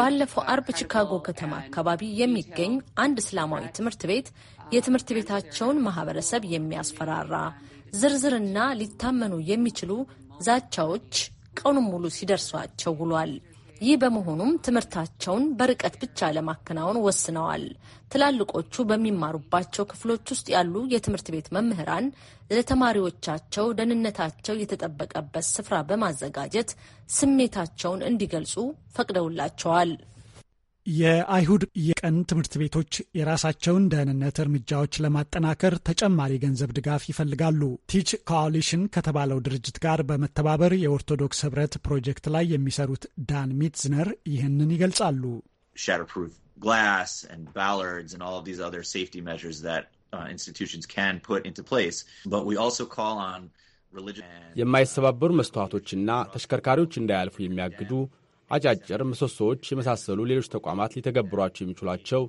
Speaker 8: ባለፈው uh, አርብ ቺካጎ ከተማ አካባቢ የሚገኝ አንድ እስላማዊ ትምህርት ቤት uh, የትምህርት ቤታቸውን ማህበረሰብ የሚያስፈራራ ዝርዝርና ሊታመኑ የሚችሉ ዛቻዎች ቀኑን ሙሉ ሲደርሷቸው ውሏል። ይህ በመሆኑም ትምህርታቸውን በርቀት ብቻ ለማከናወን ወስነዋል። ትላልቆቹ በሚማሩባቸው ክፍሎች ውስጥ ያሉ የትምህርት ቤት መምህራን ለተማሪዎቻቸው ደህንነታቸው የተጠበቀበት ስፍራ በማዘጋጀት ስሜታቸውን እንዲገልጹ ፈቅደውላቸዋል።
Speaker 7: የአይሁድ የቀን ትምህርት ቤቶች የራሳቸውን ደህንነት እርምጃዎች ለማጠናከር ተጨማሪ ገንዘብ ድጋፍ ይፈልጋሉ። ቲች ኮአሊሽን ከተባለው ድርጅት ጋር በመተባበር የኦርቶዶክስ ህብረት ፕሮጀክት ላይ የሚሰሩት ዳን ሚትዝነር ይህንን ይገልጻሉ።
Speaker 8: uh,
Speaker 13: የማይሰባበሩ መስተዋቶችና ተሽከርካሪዎች እንዳያልፉ የሚያግዱ አጫጭር ምሰሶዎች የመሳሰሉ ሌሎች ተቋማት ሊተገብሯቸው የሚችሏቸው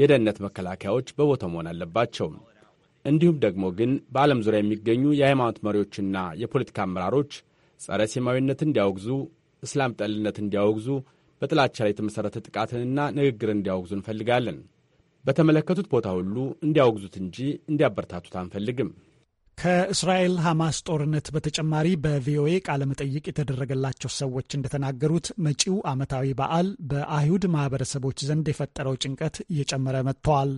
Speaker 13: የደህንነት መከላከያዎች በቦታው መሆን አለባቸው። እንዲሁም ደግሞ ግን በዓለም ዙሪያ የሚገኙ የሃይማኖት መሪዎችና የፖለቲካ አመራሮች ጸረ ሴማዊነት እንዲያወግዙ፣ እስላም ጠልነት እንዲያወግዙ፣ በጥላቻ ላይ የተመሠረተ ጥቃትንና ንግግር እንዲያወግዙ እንፈልጋለን። በተመለከቱት ቦታ ሁሉ እንዲያወግዙት እንጂ እንዲያበረታቱት አንፈልግም።
Speaker 7: ከእስራኤል ሐማስ ጦርነት በተጨማሪ በቪኦኤ መጠይቅ የተደረገላቸው ሰዎች እንደተናገሩት መጪው ዓመታዊ በዓል በአይሁድ ማህበረሰቦች ዘንድ የፈጠረው ጭንቀት እየጨመረ መጥተዋል።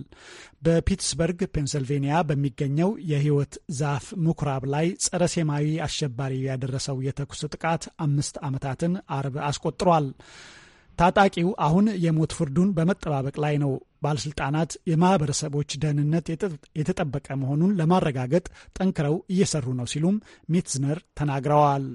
Speaker 7: በፒትስበርግ ፔንሰልቬኒያ በሚገኘው የሕይወት ዛፍ ምኩራብ ላይ ጸረ ሴማዊ አሸባሪ ያደረሰው የተኩስ ጥቃት አምስት ዓመታትን አርብ አስቆጥሯል። ታጣቂው አሁን የሞት ፍርዱን በመጠባበቅ ላይ ነው። ባለስልጣናት የማህበረሰቦች ደህንነት የተጠበቀ መሆኑን ለማረጋገጥ ጠንክረው እየሰሩ ነው ሲሉም ሚትዝነር ተናግረዋል።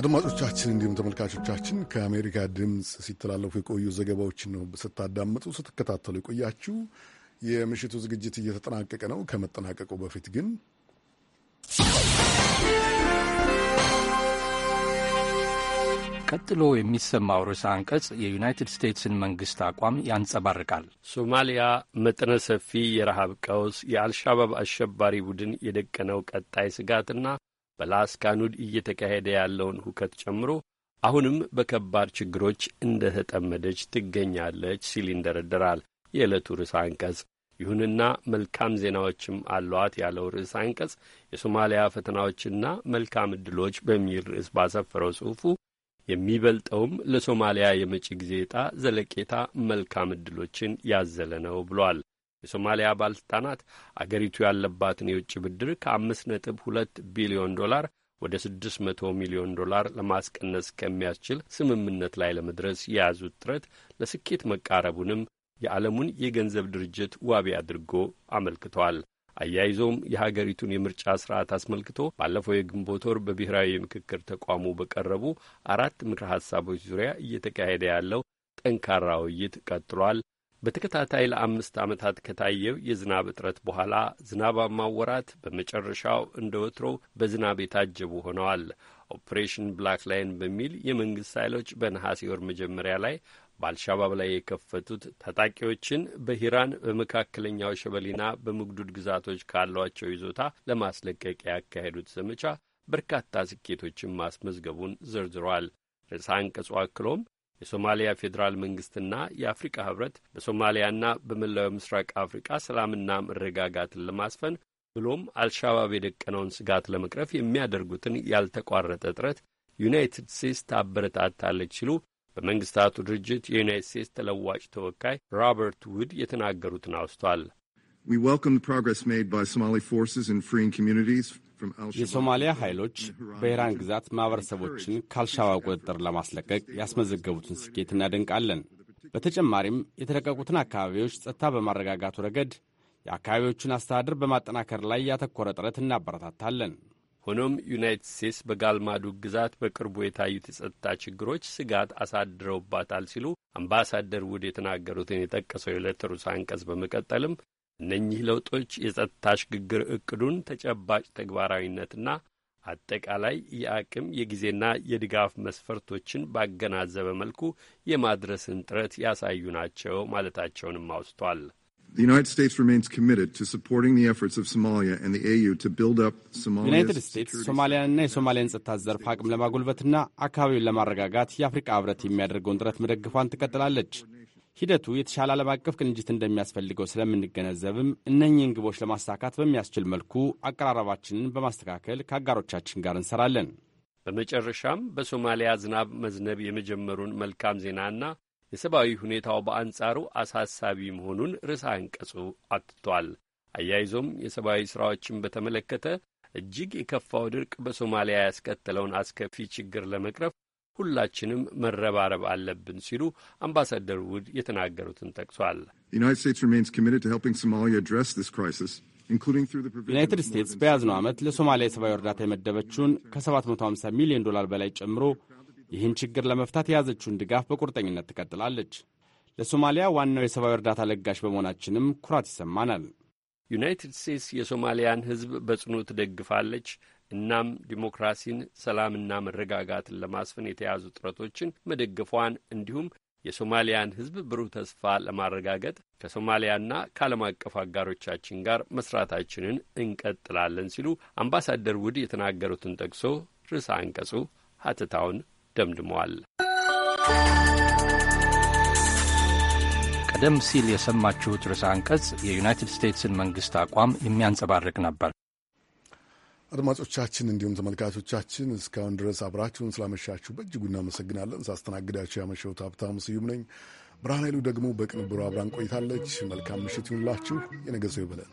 Speaker 1: አድማጮቻችን እንዲሁም ተመልካቾቻችን ከአሜሪካ ድምፅ ሲተላለፉ የቆዩ ዘገባዎችን ነው ስታዳምጡ ስትከታተሉ የቆያችሁ። የምሽቱ ዝግጅት እየተጠናቀቀ ነው። ከመጠናቀቁ በፊት ግን
Speaker 12: ቀጥሎ የሚሰማው ርዕሰ አንቀጽ የዩናይትድ ስቴትስን መንግስት አቋም ያንጸባርቃል። ሶማሊያ መጠነ ሰፊ የረሃብ ቀውስ፣ የአልሻባብ አሸባሪ ቡድን የደቀነው ቀጣይ ስጋትና በላስካኑድ እየተካሄደ ያለውን ሁከት ጨምሮ አሁንም በከባድ ችግሮች እንደ ተጠመደች ትገኛለች ሲል ይንደረደራል የዕለቱ ርዕስ አንቀጽ። ይሁንና መልካም ዜናዎችም አሏት ያለው ርዕስ አንቀጽ የሶማሊያ ፈተናዎችና መልካም ዕድሎች በሚል ርዕስ ባሰፈረው ጽሑፉ የሚበልጠውም ለሶማሊያ የመጪ ጊዜ ዕጣ ዘለቄታ መልካም ዕድሎችን ያዘለ ነው ብሏል። የሶማሊያ ባለሥልጣናት አገሪቱ ያለባትን የውጭ ብድር ከአምስት ነጥብ ሁለት ቢሊዮን ዶላር ወደ ስድስት መቶ ሚሊዮን ዶላር ለማስቀነስ ከሚያስችል ስምምነት ላይ ለመድረስ የያዙት ጥረት ለስኬት መቃረቡንም የዓለሙን የገንዘብ ድርጅት ዋቢ አድርጎ አመልክቷል። አያይዞም የሀገሪቱን የምርጫ ስርዓት አስመልክቶ ባለፈው የግንቦት ወር በብሔራዊ የምክክር ተቋሙ በቀረቡ አራት ምክረ ሀሳቦች ዙሪያ እየተካሄደ ያለው ጠንካራ ውይይት ቀጥሏል። በተከታታይ ለአምስት ዓመታት ከታየው የዝናብ እጥረት በኋላ ዝናባማው ወራት በመጨረሻው እንደ ወትሮ በዝናብ የታጀቡ ሆነዋል። ኦፕሬሽን ብላክ ላይን በሚል የመንግሥት ኃይሎች በነሐሴ ወር መጀመሪያ ላይ በአልሻባብ ላይ የከፈቱት ታጣቂዎችን በሂራን በመካከለኛው ሸበሌና በምግዱድ ግዛቶች ካሏቸው ይዞታ ለማስለቀቅ ያካሄዱት ዘመቻ በርካታ ስኬቶችን ማስመዝገቡን ዘርዝሯል። ርዕሰ አንቀጹ አክሎም የሶማሊያ ፌዴራል መንግስትና የአፍሪቃ ህብረት በሶማሊያና በመላው ምስራቅ አፍሪቃ ሰላምና መረጋጋትን ለማስፈን ብሎም አልሻባብ የደቀነውን ስጋት ለመቅረፍ የሚያደርጉትን ያልተቋረጠ ጥረት ዩናይትድ ስቴትስ ታበረታታለች ሲሉ በመንግስታቱ ድርጅት የዩናይትድ ስቴትስ ተለዋጭ ተወካይ ሮበርት ውድ የተናገሩትን አውስቷል።
Speaker 1: We welcome the progress made by Somali forces in freeing communities
Speaker 12: የሶማሊያ ኃይሎች በኢራን ግዛት ማህበረሰቦችን
Speaker 1: ከአልሻባብ
Speaker 13: ቁጥጥር ለማስለቀቅ ያስመዘገቡትን ስኬት እናደንቃለን። በተጨማሪም የተለቀቁትን አካባቢዎች ጸጥታ በማረጋጋቱ ረገድ የአካባቢዎቹን አስተዳደር በማጠናከር ላይ ያተኮረ ጥረት እናበረታታለን።
Speaker 12: ሆኖም ዩናይትድ ስቴትስ በጋልማዱግ ግዛት በቅርቡ የታዩት የጸጥታ ችግሮች ስጋት አሳድረውባታል ሲሉ አምባሳደር ውድ የተናገሩትን የጠቀሰው የዕለቱ አንቀጽ በመቀጠልም እነኚህ ለውጦች የጸጥታ ሽግግር እቅዱን ተጨባጭ ተግባራዊነትና አጠቃላይ የአቅም የጊዜና የድጋፍ መስፈርቶችን ባገናዘበ መልኩ የማድረስን ጥረት ያሳዩ ናቸው ማለታቸውንም አውስቷል።
Speaker 1: ዩናይትድ ስቴትስ
Speaker 13: ሶማሊያንና የሶማሊያን ጸጥታ ዘርፍ አቅም ለማጎልበትና አካባቢውን ለማረጋጋት የአፍሪቃ ህብረት የሚያደርገውን ጥረት መደግፏን ትቀጥላለች። ሂደቱ የተሻለ ዓለም አቀፍ ቅንጅት እንደሚያስፈልገው ስለምንገነዘብም እነኚህን ግቦች ለማሳካት በሚያስችል መልኩ
Speaker 12: አቀራረባችንን በማስተካከል ከአጋሮቻችን ጋር እንሰራለን። በመጨረሻም በሶማሊያ ዝናብ መዝነብ የመጀመሩን መልካም ዜናና የሰብአዊ ሁኔታው በአንጻሩ አሳሳቢ መሆኑን ርዕሰ አንቀጹ አትቷል። አያይዞም የሰብአዊ ሥራዎችን በተመለከተ እጅግ የከፋው ድርቅ በሶማሊያ ያስከተለውን አስከፊ ችግር ለመቅረፍ ሁላችንም መረባረብ አለብን ሲሉ አምባሳደር ውድ የተናገሩትን ጠቅሷል።
Speaker 1: ዩናይትድ ስቴትስ
Speaker 13: በያዝነው ዓመት ለሶማሊያ የሰብአዊ እርዳታ የመደበችውን ከ750 ሚሊዮን ዶላር በላይ ጨምሮ ይህን ችግር ለመፍታት የያዘችውን ድጋፍ በቁርጠኝነት ትቀጥላለች። ለሶማሊያ ዋናው የሰብአዊ
Speaker 12: እርዳታ ለጋሽ በመሆናችንም ኩራት ይሰማናል። ዩናይትድ ስቴትስ የሶማሊያን ሕዝብ በጽኑ ትደግፋለች፣ እናም ዲሞክራሲን፣ ሰላምና መረጋጋትን ለማስፈን የተያዙ ጥረቶችን መደገፏን እንዲሁም የሶማሊያን ሕዝብ ብሩህ ተስፋ ለማረጋገጥ ከሶማሊያና ከዓለም አቀፍ አጋሮቻችን ጋር መስራታችንን እንቀጥላለን ሲሉ አምባሳደር ውድ የተናገሩትን ጠቅሶ ርዕሰ አንቀጹ ሀተታውን ደምድመዋል። ቀደም ሲል የሰማችሁት ርዕሰ አንቀጽ የዩናይትድ ስቴትስን መንግሥት አቋም የሚያንጸባርቅ ነበር።
Speaker 1: አድማጮቻችን እንዲሁም ተመልካቾቻችን እስካሁን ድረስ አብራችሁን ስላመሻችሁ በእጅጉ እናመሰግናለን። ሳስተናግዳችሁ ያመሸሁት ሀብታሙ ስዩም ነኝ። ብርሃን ኃይሉ ደግሞ በቅንብሩ አብራን ቆይታለች። መልካም ምሽት ይሁንላችሁ። የነገ ሰው ይበለን።